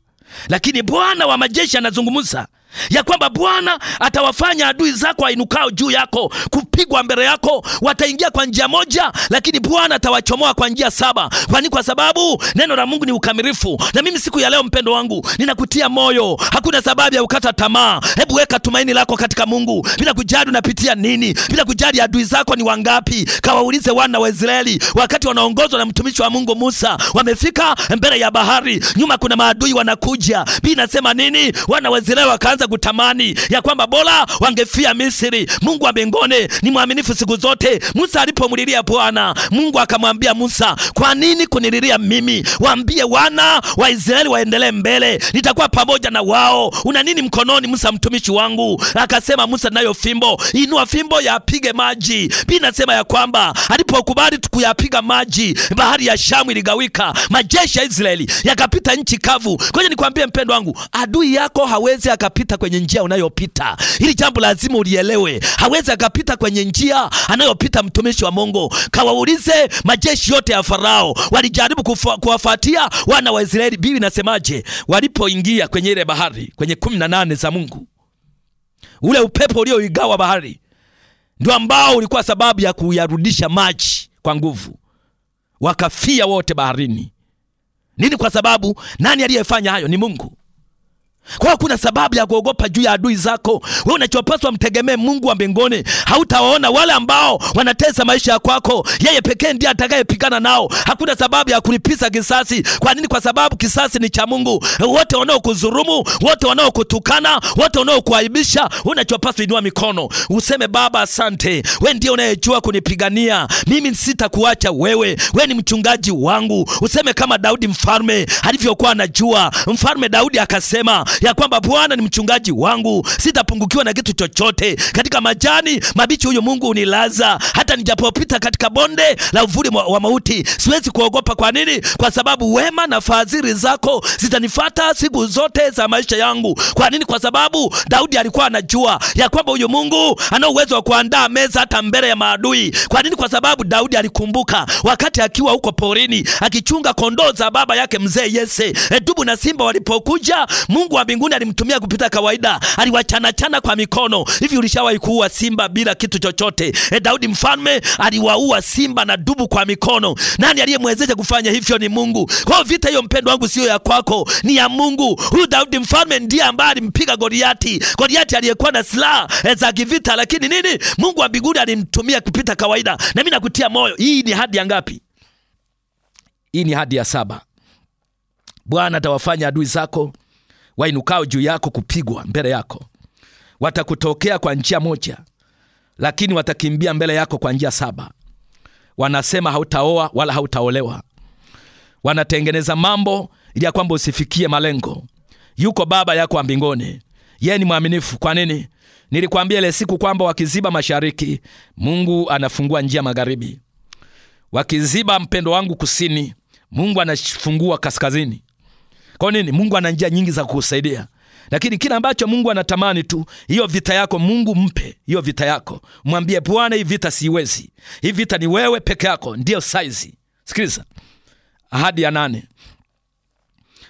lakini Bwana wa majeshi anazungumza ya kwamba Bwana atawafanya adui zako ainukao juu yako kupigwa mbele yako, wataingia kwa njia moja, lakini Bwana atawachomoa kwa njia saba. Kwani kwa sababu neno la Mungu ni ukamilifu. Na mimi siku ya leo, mpendo wangu, ninakutia moyo, hakuna sababu ya kukata tamaa. Hebu weka tumaini lako katika Mungu, bila kujali unapitia nini, bila kujali adui zako ni wangapi. Kawaulize wana wa Israeli wakati wanaongozwa na mtumishi wa Mungu Musa, wamefika mbele ya bahari, nyuma kuna maadui wanakuja. Biblia inasema nini? Wana wa Israeli wakaanza waliweza kutamani ya kwamba bora wangefia Misri. Mungu wa mbinguni ni mwaminifu siku zote. Musa alipomlilia Bwana Mungu akamwambia Musa, kwa nini kunililia mimi? Waambie wana wa Israeli waendelee mbele, nitakuwa pamoja na wao. Una nini mkononi, Musa mtumishi wangu? Akasema Musa, nayo fimbo. Inua fimbo yapige maji. Biblia inasema ya kwamba alipokubali kuyapiga maji, bahari ya Shamu iligawika, majeshi ya Israeli yakapita nchi kavu. Kwa hiyo nikwambie mpendo wangu, adui yako hawezi akapita akapita kwenye njia unayopita. Hili jambo lazima ulielewe. Hawezi akapita kwenye njia anayopita mtumishi wa Mungu. Kawaulize majeshi yote ya Farao walijaribu kuwafuatia wana wa Israeli. Biblia inasemaje? Walipoingia kwenye ile bahari, kwenye kumi na nane za Mungu, ule upepo ulioigawa bahari ndio ambao ulikuwa sababu ya kuyarudisha maji kwa nguvu, wakafia wote baharini. Nini? Kwa sababu nani aliyefanya hayo? Ni Mungu. Kwa hiyo kuna sababu ya kuogopa juu ya adui zako. Wewe unachopaswa mtegemee Mungu wa mbinguni. Hautawaona wale ambao wanatesa maisha ya kwako, yeye pekee ndiye atakayepigana nao. Hakuna sababu ya kulipiza kisasi. Kwa nini? Kwa sababu kisasi ni cha Mungu. Wote wanaokuzurumu, wote wanaokutukana, wote wanaokuaibisha, unachopaswa inua mikono useme, Baba asante, we ndiye unayejua kunipigania mimi, sitakuacha wewe, we ni mchungaji wangu. Useme kama Daudi mfalme alivyokuwa anajua. Mfalme Daudi akasema ya kwamba Bwana ni mchungaji wangu, sitapungukiwa na kitu chochote. Katika majani mabichi huyo Mungu unilaza, hata nijapopita katika bonde la uvuli wa mauti siwezi kuogopa. Kwa nini? Kwa sababu wema na fadhili zako zitanifata siku zote za maisha yangu. Kwa nini? Kwa sababu Daudi alikuwa anajua ya kwamba huyo Mungu ana uwezo wa kuandaa meza hata mbele ya maadui. Kwa nini? Kwa sababu Daudi alikumbuka wakati akiwa huko porini akichunga kondoo za baba yake mzee Yese, Etubu na simba walipokuja, Mungu wa mbinguni alimtumia kupita kawaida, aliwachanachana kwa mikono hivi. Ulishawahi kuua simba bila kitu chochote? E, Daudi mfalme aliwaua simba na dubu kwa mikono. Nani aliyemwezesha kufanya hivyo? Ni Mungu. Kwa vita hiyo, mpendo wangu, sio ya kwako, ni ya Mungu. Huyu Daudi mfalme ndiye ambaye alimpiga Goliati, Goliati aliyekuwa na silaha e, za kivita, lakini nini? Mungu wa mbinguni alimtumia kupita kawaida. Na mimi nakutia moyo, hii ni hadi ya ngapi? Hii ni hadi ya saba. Bwana atawafanya adui zako wainukao juu yako kupigwa mbele yako. Watakutokea kwa njia moja, lakini watakimbia mbele yako kwa njia saba. Wanasema hautaoa wala hautaolewa, wanatengeneza mambo ili ya kwamba usifikie malengo. Yuko Baba yako wa mbinguni, yeye ni mwaminifu. Kwa nini? Nilikwambia ile siku kwamba wakiziba mashariki, Mungu anafungua njia magharibi. Wakiziba mpendo wangu kusini, Mungu anafungua kaskazini. Kwa nini? Mungu ana njia nyingi za kukusaidia, lakini kila ambacho Mungu anatamani tu, hiyo vita yako Mungu mpe hiyo vita yako, mwambie Bwana, hii vita siwezi, hii vita ni wewe peke yako, ndiyo saizi. Sikiliza ahadi ya nane,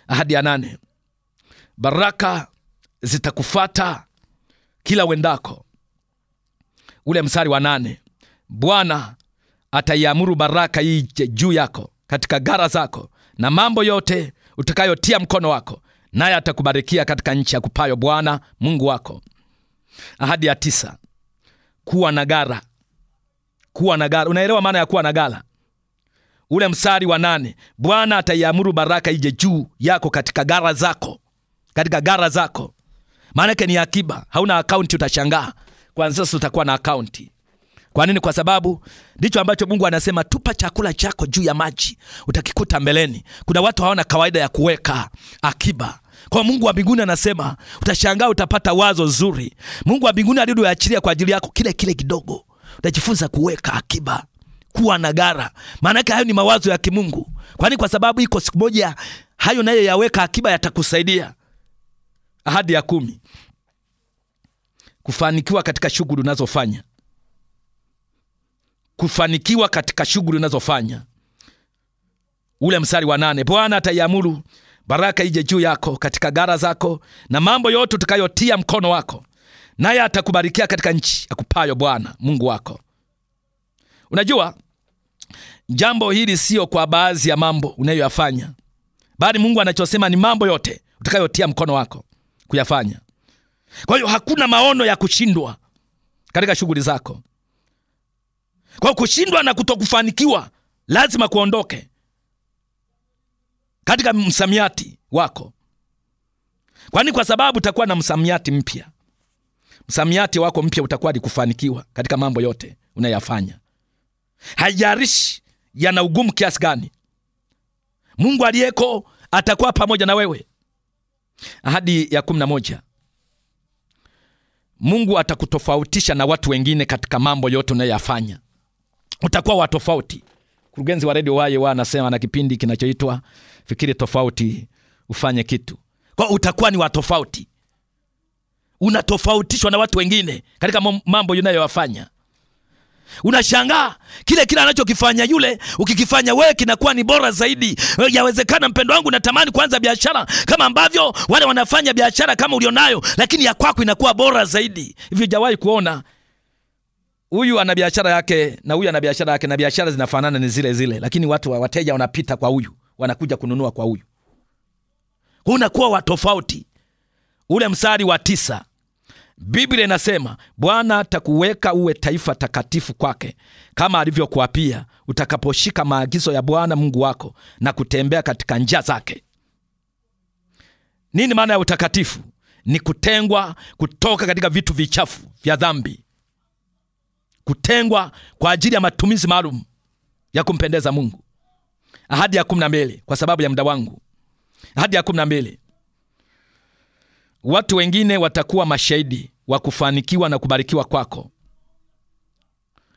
ahadi ya nane, baraka zitakufata kila wendako. Ule msari wa nane, Bwana ataiamuru baraka ije juu yako katika gara zako na mambo yote utakayotia mkono wako, naye atakubarikia katika nchi ya kupayo Bwana Mungu wako. Ahadi ya tisa, kuwa na gara. Kuwa na gara, unaelewa maana ya kuwa na gara? Ule msari wa nane, Bwana ataiamuru baraka ije juu yako katika gara zako, katika gara zako. Maanake ni akiba, hauna akaunti. Utashangaa kwanza sasa utakuwa na akaunti. Kwa nini? Kwa sababu ndicho ambacho Mungu anasema, tupa chakula chako juu ya maji, utakikuta mbeleni. Kuna watu hawana kawaida ya kuweka akiba kwa Mungu wa mbinguni anasema utashangaa, utapata wazo zuri. Mungu wa mbinguni aliloachilia kwa ajili yako, kile kile kidogo utajifunza kuweka akiba, kuwa na gara. Maana yake hayo ni mawazo ya kimungu, kwani kwa sababu iko siku moja hayo nayo yaweka akiba, yatakusaidia. Ahadi ya kumi: kufanikiwa katika shughuli unazofanya kufanikiwa katika shughuli unazofanya. Ule msari wa nane, Bwana ataiamuru baraka ije juu yako katika gara zako na mambo yote utakayotia mkono wako, naye atakubarikia katika nchi akupayo Bwana Mungu wako. Unajua jambo hili sio kwa baadhi ya mambo unayoyafanya, bali Mungu anachosema ni mambo yote utakayotia mkono wako kuyafanya. Kwa hiyo hakuna maono ya kushindwa katika shughuli zako. Kwa kushindwa na kutokufanikiwa lazima kuondoke katika msamiati wako, kwani kwa sababu utakuwa na msamiati mpya. Msamiati wako mpya utakuwa ni kufanikiwa katika mambo yote unayafanya, haijarishi yana ugumu kiasi gani. Mungu aliyeko atakuwa pamoja na wewe. Ahadi ya kumi na moja. Mungu atakutofautisha na watu wengine katika mambo yote unayoyafanya utakuwa wa tofauti. Mkurugenzi wa redio waye wa anasema na kipindi kinachoitwa fikiri tofauti, ufanye kitu kwa, utakuwa ni wa tofauti, unatofautishwa na watu wengine katika mambo unayowafanya. Unashangaa kile kile anachokifanya yule, ukikifanya wewe kinakuwa ni bora zaidi. Yawezekana mpendo wangu, natamani kuanza biashara kama ambavyo wale wanafanya biashara kama ulionayo, lakini ya kwako inakuwa bora zaidi. Hivyo jawahi kuona huyu ana biashara yake na huyu ana biashara yake na biashara zinafanana ni zile zile, lakini watu wa wateja wanapita kwa huyu wanakuja kununua kwa huyu, unakuwa wa tofauti. Ule msari wa tisa Biblia inasema Bwana atakuweka uwe taifa takatifu kwake, kama alivyokuapia, utakaposhika maagizo ya Bwana Mungu wako na kutembea katika njia zake. Nini maana ya utakatifu? Ni kutengwa kutoka katika vitu vichafu vya dhambi kutengwa kwa ajili ya matumizi maalum ya kumpendeza Mungu. Ahadi ya kumi na mbili, kwa sababu ya muda wangu. Ahadi ya kumi na mbili, watu wengine watakuwa mashahidi wa kufanikiwa na kubarikiwa kwako.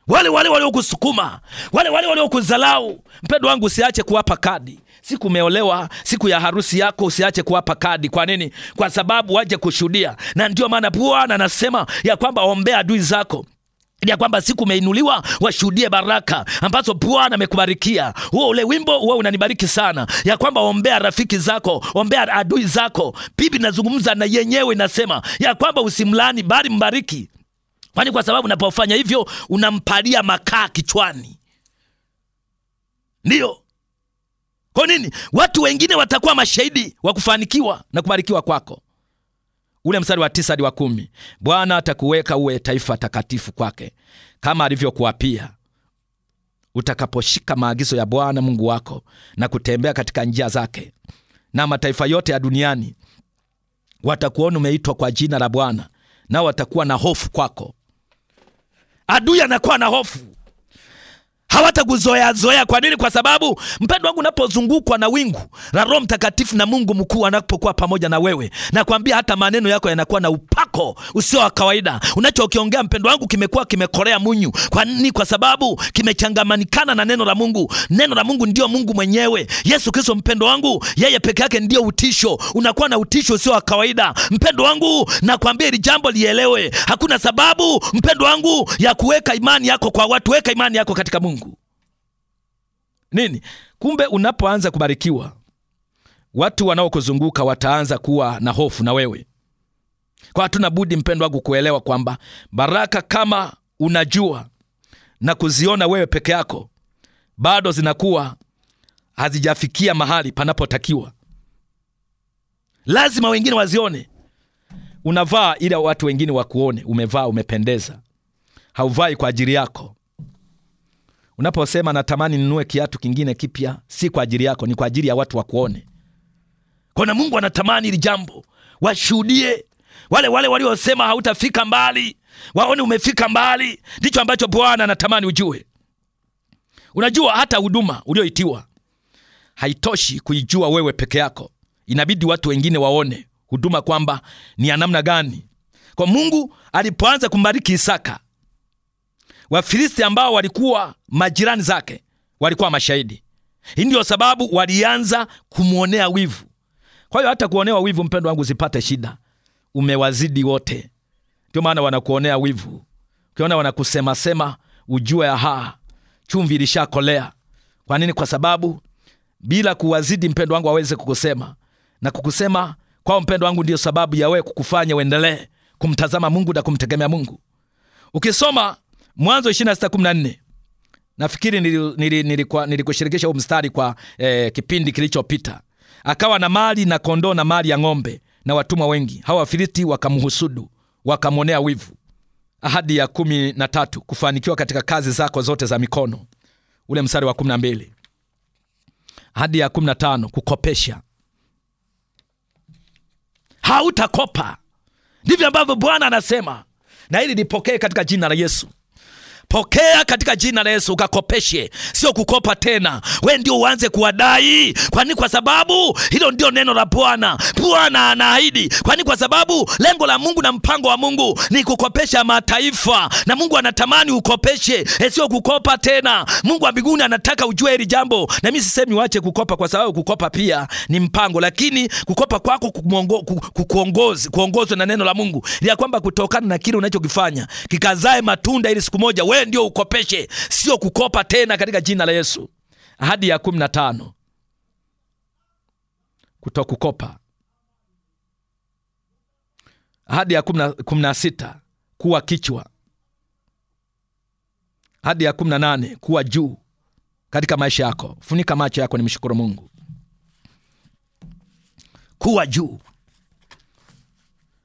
Wale wale waliokusukuma, wale wale waliokudharau, mpendo wangu, usiache kuwapa kadi. Siku umeolewa, siku ya harusi yako, usiache kuwapa kadi. Kwa nini? Kwa sababu waje kushuhudia, na ndio maana Bwana anasema ya kwamba ombea adui zako, ya kwamba siku umeinuliwa, washuhudie baraka ambazo Bwana amekubarikia. Huo ule wimbo huo unanibariki sana, ya kwamba ombea rafiki zako, ombea adui zako. bibi nazungumza na yenyewe nasema ya kwamba usimlani, bali mbariki, kwani kwa sababu unapofanya hivyo unampalia makaa kichwani. Ndio kwa nini watu wengine watakuwa mashahidi wa kufanikiwa na kubarikiwa kwako ule mstari wa tisa hadi wa kumi Bwana atakuweka uwe taifa takatifu kwake kama alivyokuapia utakaposhika maagizo ya Bwana Mungu wako na kutembea katika njia zake, na mataifa yote ya duniani watakuona umeitwa kwa jina la Bwana, nao watakuwa na hofu kwako. Adui anakuwa na hofu hawatakuzoeazoea. Kwa nini? Kwa sababu mpendo wangu, unapozungukwa na wingu la Roho Mtakatifu na Mungu mkuu anapokuwa pamoja na wewe, nakwambia hata maneno yako yanakuwa na upako usio wa kawaida. Unachokiongea mpendo wangu kimekuwa kimekorea munyu. Kwa nini? Kwa sababu kimechangamanikana na neno la Mungu. Neno la Mungu ndio Mungu mwenyewe, Yesu Kristo. Mpendo wangu, yeye peke yake ndio utisho. Unakuwa na utisho usio wa kawaida mpendo wangu, nakwambia hili jambo lielewe. Hakuna sababu mpendo wangu ya kuweka imani yako kwa watu, weka imani yako katika Mungu nini? Kumbe unapoanza kubarikiwa, watu wanaokuzunguka wataanza kuwa na hofu na wewe. Kwa hatuna budi mpendo wangu kuelewa kwamba baraka kama unajua na kuziona wewe peke yako bado zinakuwa hazijafikia mahali panapotakiwa. Lazima wengine wazione. Unavaa ili watu wengine wakuone, umevaa umependeza. Hauvai kwa ajili yako, Unaposema natamani ninunue kiatu kingine kipya, si kwa ajili yako, ni kwa ajili ya watu wakuone. Kona Mungu anatamani hili jambo washuhudie, wale wale waliosema hautafika mbali waone umefika mbali. Ndicho ambacho Bwana anatamani ujue. Unajua, hata huduma ulioitiwa haitoshi kuijua wewe peke yako, inabidi watu wengine waone huduma kwamba ni ya namna gani. Kwa Mungu alipoanza kumbariki Isaka Wafilisti ambao walikuwa majirani zake walikuwa mashahidi. Hii ndio sababu walianza kumwonea wivu. Kwa hiyo hata kuonewa wivu, mpendo wangu, usipate shida, umewazidi wote. Ndio maana wanakuonea wivu, ukiona wanakusemasema ujue aha, chumvi ilishakolea. Kwa nini? Kwa sababu bila kuwazidi, mpendo wangu, aweze kukusema na kukusema kwao, mpendo wangu, ndio sababu ya wewe kukufanya uendelee kumtazama Mungu na kumtegemea Mungu. Ukisoma Mwanzo 26:14. Nafikiri nilikushirikisha nili, nili nili huu mstari kwa eh, kipindi kilichopita. Akawa na mali na kondoo na mali ya ng'ombe na watumwa wengi. Hawa Wafilisti wakamhusudu, wakamwonea wivu. Ahadi ya kumi na tatu, kufanikiwa katika kazi zako zote za mikono, ule mstari wa kumi na mbili. Ahadi ya kumi na tano, kukopesha. Hautakopa. Ndivyo ambavyo Bwana anasema, na ili lipokee katika jina la Yesu. Pokea katika jina la Yesu, ukakopeshe, sio kukopa tena. We ndio uanze kuwadai. Kwani kwa sababu hilo ndio neno la Bwana. Bwana anaahidi, kwani kwa sababu lengo la Mungu na mpango wa Mungu ni kukopesha mataifa, na Mungu anatamani ukopeshe, e, sio kukopa tena. Mungu wa mbinguni anataka ujue hili jambo, na mimi sisemi uache kukopa, kwa sababu kukopa pia ni mpango, lakini kukopa kwako kuongozwa na neno la Mungu, ya kwamba kutokana na kile unachokifanya kikazae matunda, ili siku moja we wewe ndio ukopeshe, sio kukopa tena, katika jina la Yesu. Ahadi ya kumi na tano, kutokukopa. Ahadi ya kumi na sita, kuwa kichwa. Ahadi ya kumi na nane, kuwa juu katika maisha yako. Funika macho yako, nimshukuru Mungu. Kuwa juu,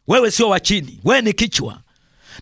wewe sio wa chini, wewe ni kichwa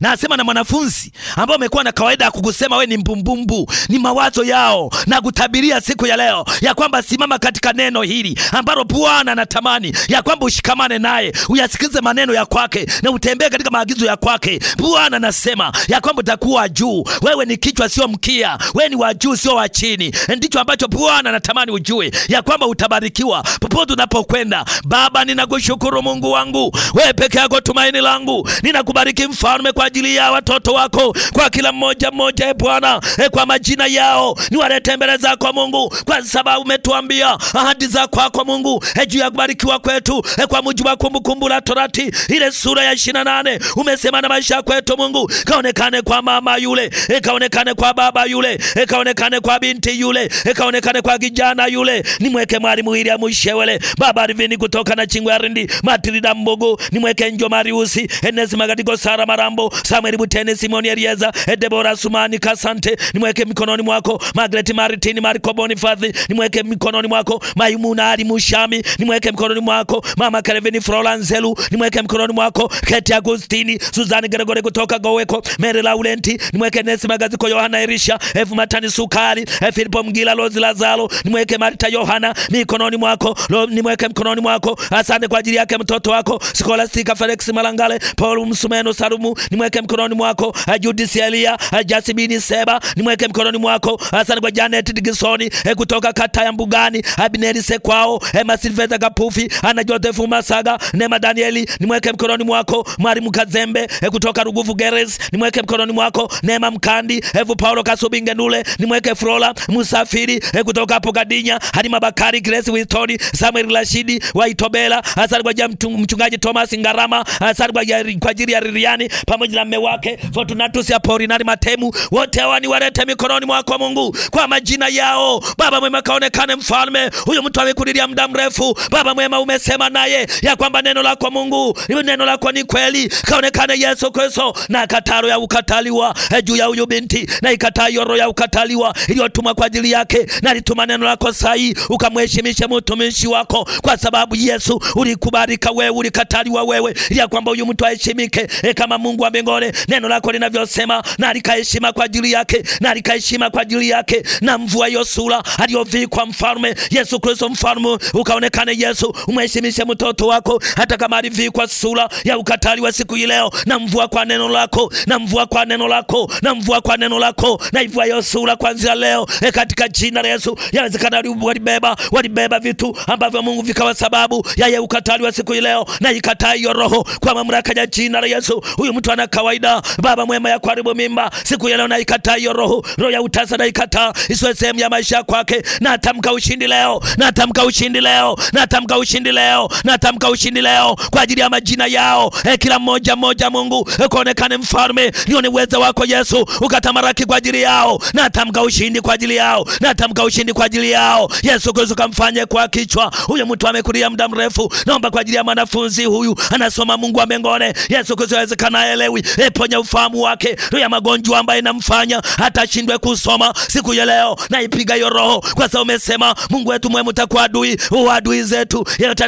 na asema na mwanafunzi ambao amekuwa na kawaida ya kukusema we ni mbumbumbu, ni mawazo yao na kutabiria siku ya leo ya kwamba simama katika neno hili ambalo Bwana anatamani ya kwamba ushikamane naye, uyasikize maneno ya kwake na utembee katika maagizo ya kwake. Bwana anasema ya kwamba utakuwa juu, wewe ni kichwa sio mkia, wewe ni wa juu sio wa chini. Ndicho ambacho Bwana anatamani ujue ya kwamba utabarikiwa popote unapokwenda. Baba, ninakushukuru Mungu wangu, wewe peke yako tumaini langu, ninakubariki mfalme kwa kwa ajili ya watoto wako, kwa kila mmoja mmoja, e Bwana, e kwa majina yao ni walete mbele zako Mungu, kwa sababu umetuambia ahadi za kwako Mungu, e juu ya kubarikiwa kwetu, e kwa mujibu wa Kumbukumbu la Torati ile sura ya ishirini na nane umesema na maisha kwetu Mungu, kaonekane kwa mama yule, e kaonekane kwa baba yule, e kaonekane kwa binti yule, e kaonekane kwa kijana yule, nimweke mwalimu ili amushewele baba Alvini kutoka na Chingwe rindi Matilda Mbogo, nimweke Njo Mariusi Enesi Magadiko Sara Marambo Samuel Butene, Simoni Elieza, eh, Debora Sumani Kasante, nimweke mikononi mwako. Margaret Martin Marco Bonifadhi, nimweke mikononi mwako. Maimuna Ali Mushami, nimweke mikononi mwako. Mama Kelvin Floranzelu, nimweke mikononi mwako. Kate Agustini, Suzanne Gregory kutoka Goweko, Mary Laurenti, nimweke Nesi kwa Yohana Elisha, Efu Matani Sukari, eh, Filipo Mgila, Lozi Lazaro, nimweke Marta Yohana mikononi mwako. Lo, nimweke mikononi mwako. Asante kwa ajili yake mtoto wako Scholastica Felix Malangale, Paul Msumeno Sarumu, nimweke nimweke mkononi mwako. Eh, Judith Elia, eh, Jasmine Seba, nimweke mkononi mwako. Hassan eh, kwa Janet Dickson kutoka kata ya Mbugani, Abineri Sekwao, Emma Silveta Kapufi, Ana Joseph Masaga, Nema Danieli, nimweke mkononi mwako. Mwalimu Kazembe kutoka Ruguvu Geres, nimweke mkononi mwako. Nema Mkandi, Evu Paulo Kasubinge Nule, nimweke Frola Musafiri kutoka hapo Kadinya, Halima Bakari, Grace Wistoni, Samuel Rashidi Waitobela, Hassan Asante kwa mchungaji Thomas Ngarama, Hassan kwa ajili ya Ririani pamoja mpenzi na mme wake Fortunatus hapo Orinari Matemu, wote hawa niwalete mikononi mwako Mungu kwa majina yao. Baba mwema, kaonekane mfalme. Huyu mtu amekulilia muda mrefu, Baba mwema, umesema naye ya kwamba neno lako Mungu, neno lako ni kweli. Kaonekane Yesu Kristo, na kataro ya ukataliwa e juu ya huyu binti, na ikataa yoro ya ukataliwa iliyotuma kwa ajili yake, na alituma neno lako sahi, ukamheshimisha mtumishi wako, kwa sababu Yesu ulikubarika wewe, ulikataliwa wewe, ya kwamba huyu mtu aheshimike e kama Mungu ame mbinguni, neno lako linavyosema, na likaheshima kwa ajili yake, na likaheshima kwa ajili yake, na mvua hiyo sura aliyovikwa mfalme Yesu Kristo mfalme, ukaonekane Yesu, umheshimishe mtoto wako, hata kama alivikwa sura ya ukatali wa siku hii leo, na mvua kwa neno lako, na mvua kwa neno lako, na mvua kwa neno lako, na mvua hiyo sura kuanzia leo, e, katika jina la Yesu. Yawezekana walibeba walibeba vitu ambavyo Mungu vikawa sababu ya ukatali wa siku hii leo, na ikatai hiyo roho kwa mamlaka ya jina la Yesu. Huyu mtu ana na kawaida. Baba mwema, ya kuharibu mimba siku ya leo naikataa hiyo roho, roho ya utasa naikataa, isiwe sehemu ya maisha kwake. Natamka ushindi leo, natamka ushindi leo, natamka ushindi leo, natamka ushindi leo kwa ajili ya majina yao, e, kila mmoja mmoja. Mungu e, kaonekane mfalme, nione uwezo wako Yesu, ukatamaraki kwa ajili yao. Natamka ushindi kwa ajili yao, natamka ushindi kwa ajili yao. Yesu Kristo kamfanye kwa kichwa huyo mtu amekulia muda mrefu. Naomba kwa ajili ya mwanafunzi huyu anasoma, Mungu amengone. Yesu Kristo awezekana elewe haelewi. E, eh, ponya ufahamu wake ya magonjwa ambayo inamfanya hata ashindwe kusoma siku ya leo. Naipiga hiyo roho, kwa sababu umesema Mungu wetu mwema utakuwa adui wa adui zetu, yeyote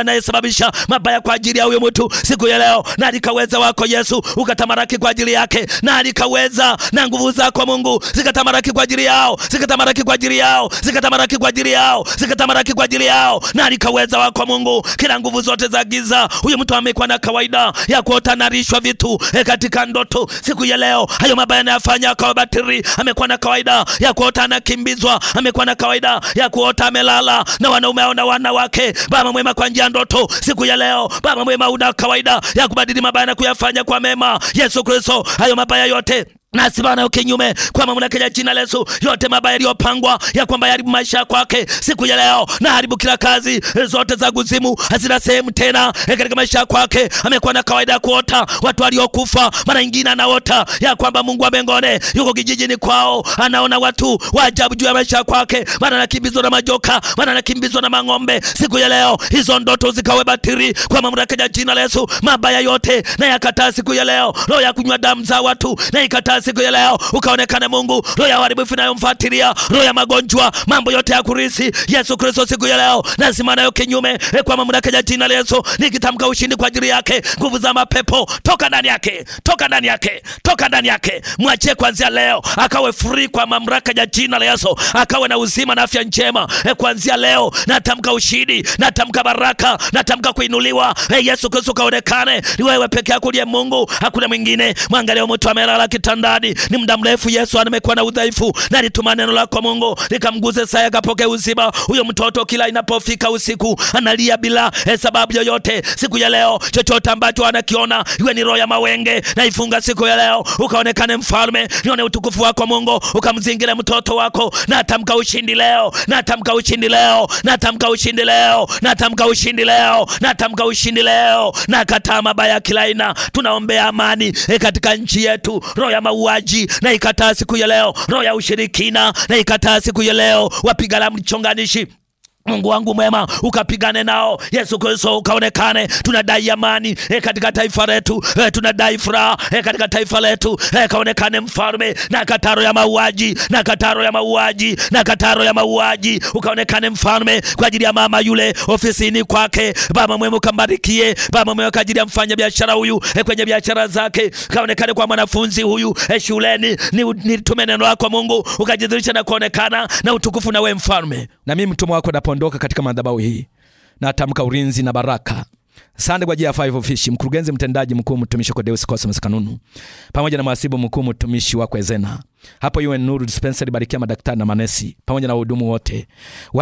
anayesababisha mabaya kwa ajili ya huyo mtu siku ya leo. Na alikaweza wako Yesu ukatamaraki kwa ajili yake, na alikaweza na nguvu zako Mungu zikatamaraki kwa ajili yao, zikatamaraki kwa ajili yao, zikatamaraki kwa ajili yao, zikatamaraki kwa ajili yao, na alikaweza wako Mungu, kila nguvu zote za giza. Huyo mtu amekuwa na kawaida ya kuota narishwa vitu e, katika ndoto siku ya leo. Hayo mabaya anayofanya akawa batiri. Amekuwa na kawaida ya kuota anakimbizwa, amekuwa na kawaida ya kuota amelala na wanaume au na wanawake. Baba mwema, kwa njia ndoto siku ya leo, Baba mwema, una kawaida ya kubadili mabaya na kuyafanya kwa mema. Yesu Kristo, hayo mabaya yote nasibana simama kinyume kwa mamlaka ya jina la Yesu. Yote mabaya yaliyopangwa ya kwamba yaribu maisha kwake siku ya leo, na haribu kila kazi eh, zote za kuzimu, hazina sehemu tena eh, katika maisha kwake. Amekuwa na kawaida kuota watu waliokufa, mara nyingine anaota ya kwamba Mungu wa amengone, yuko kijijini kwao, anaona watu wa ajabu juu ya maisha kwake, mara anakimbizwa na majoka, mara anakimbizwa na mang'ombe. Siku ya leo hizo ndoto zikawe batiri kwa mamlaka ya jina la Yesu. Mabaya yote na yakataa siku ya leo, roho ya kunywa damu za watu na ikataa siku ya leo, ukaonekane Mungu, roho ya uharibifu inayomfuatilia roho ya magonjwa, mambo yote ya kurisi, Yesu Kristo siku ya leo lazima nayo kinyume e, kwa mamlaka ya jina la Yesu, nikitamka ushindi kwa ajili yake. Nguvu za mapepo toka ndani yake, toka ndani yake, toka ndani yake, mwachie kuanzia leo, akawe free kwa mamlaka ya jina la Yesu, akawe na uzima na afya njema e, kuanzia leo. Natamka ushindi, natamka baraka, natamka kuinuliwa. e, Yesu Kristo kaonekane, ni wewe peke yako uliye Mungu, hakuna mwingine. Mwangalie mtu amelala kitanda Gileadi. Ni muda mrefu Yesu amekuwa na udhaifu, na alituma neno lako Mungu likamguze saa akapokea uzima. Huyo mtoto kila inapofika usiku analia bila eh, sababu yoyote. Siku ya leo chochote ambacho anakiona iwe ni roho ya mawenge, na ifunga siku ya leo, ukaonekane mfalme, nione utukufu wako Mungu, ukamzingira mtoto wako, na atamka ushindi leo, na atamka ushindi leo, na atamka ushindi leo, na atamka ushindi leo, na atamka ushindi leo, na akataa mabaya kila aina. Tunaombea amani eh, katika nchi yetu, roho ya mawenge mauaji ikataa siku ya leo, roho ya ushirikina na ikataa siku ya leo, wapiga ramli chonganishi Mungu wangu mwema, ukapigane nao. Yesu Kristo ukaonekane. Tunadai amani e, katika taifa letu e, tunadai furaha e, katika taifa letu e, kaonekane mfalme, na kataro ya mauaji na kataro ya mauaji na kataro ya mauaji, ukaonekane mfalme kwa ajili ya mama yule ofisini kwake. Baba mwema, ukambarikie baba mwema, kwa ajili ya mfanya biashara huyu e, kwenye biashara zake, kaonekane kwa mwanafunzi huyu e, shuleni. Nitume ni neno lako Mungu, ukajidhihirisha na kuonekana na utukufu, na we mfalme, na mimi mtumwa wako napo kuondoka katika madhabahu hii na atamka ulinzi na baraka. Asante kwa ajili ya Five Fish, mkurugenzi mtendaji mkuu mtumishi Deus Cosmas Kanunu, pamoja na mhasibu mkuu mtumishi wako Ezena. Hapo iwe nuru dispensary, barikia madaktari na manesi pamoja na wahudumu wote.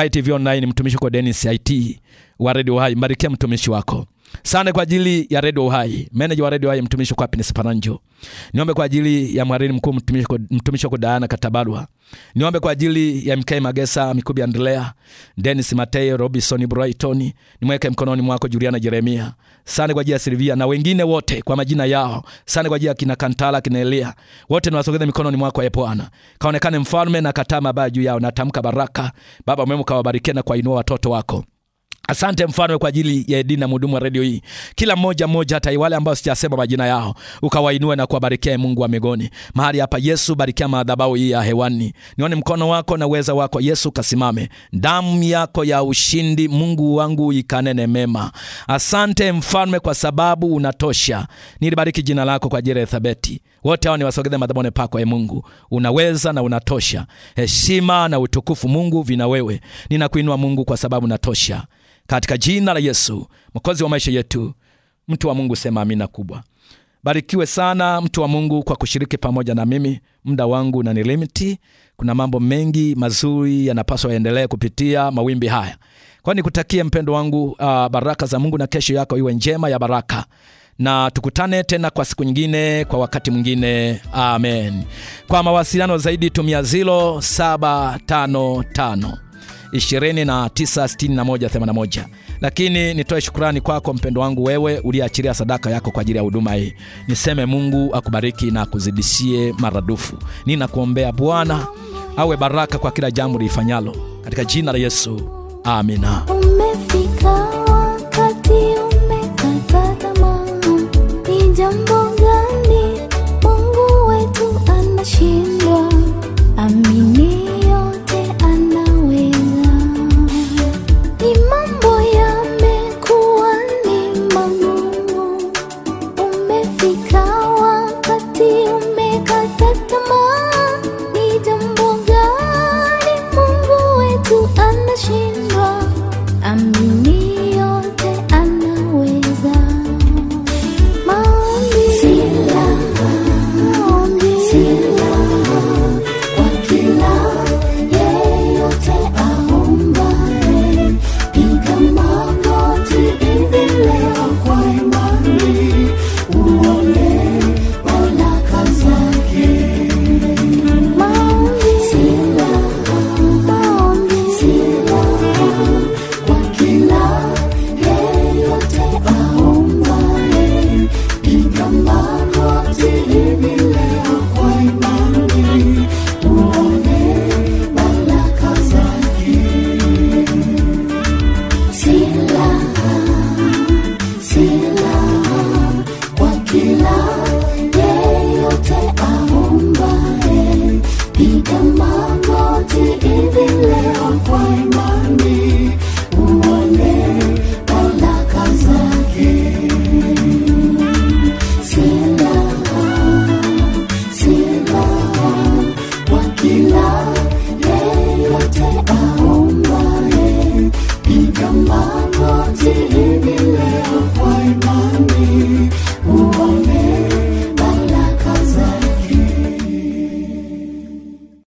YTV Online, mtumishi kwa Dennis IT wa Radio Hai, barikia mtumishi wako. Sante kwa ajili ya Radio Uhai. Meneja wa Radio Uhai mtumishi kwa Pines Pananjo. Niombe kwa ajili ya mwalimu mkuu mtumishi kwa mtumishi kwa Diana Katabalwa. Niombe kwa ajili ya MK Magesa, Mikubi Andrea, Dennis Mateo, Robinson Brighton. Nimweke mkononi mwako Juliana Jeremia. Sante kwa ajili ya Silvia na wengine wote kwa majina yao. Sante kwa ajili ya kina Kantala, kina Elia. Wote niwasogeze mikononi mwako ewe Bwana. Kaonekane mfalme na katama mabaya juu yao na tamka baraka. Baba mwema kawabarikia na kuinua watoto wako. Asante mfano kwa ajili ya Edina mhudumu wa redio hii, kila mmoja mmoja, hata wale ambao sijasema majina yao, ukawainue na kuwabarikia Mungu wa mbinguni mahali hapa. Yesu, barikia madhabahu hii ya hewani, nione mkono wako na uweza wako Yesu, kasimame damu yako ya ushindi, Mungu wangu, ikanene mema. Asante mfano kwa sababu unatosha. Nilibariki jina lako kwa ajili ya thabeti. wote hao niwasogeze madhabahuni pako, e Mungu, unaweza na unatosha. Heshima na utukufu Mungu vina wewe, ninakuinua Mungu kwa sababu unatosha katika jina la Yesu, mwokozi wa maisha yetu. Mtu wa Mungu sema amina kubwa. Barikiwe sana mtu wa Mungu kwa kushiriki pamoja na mimi. Muda wangu na nilimiti, kuna mambo mengi mazuri yanapaswa yaendelee kupitia mawimbi haya. Kwa nikutakie mpendo wangu, uh, baraka za Mungu na kesho yako iwe njema ya baraka, na tukutane tena kwa siku nyingine, kwa wakati mwingine. Amen. Kwa mawasiliano zaidi tumia zilo 755 2961 Lakini nitoe shukrani kwako kwa mpendo wangu wewe uliyeachiria sadaka yako kwa ajili ya huduma hii. Niseme Mungu akubariki na akuzidishie maradufu. Ninakuombea Bwana awe baraka kwa kila jambo lifanyalo katika jina la Yesu, amina. Umefika wakati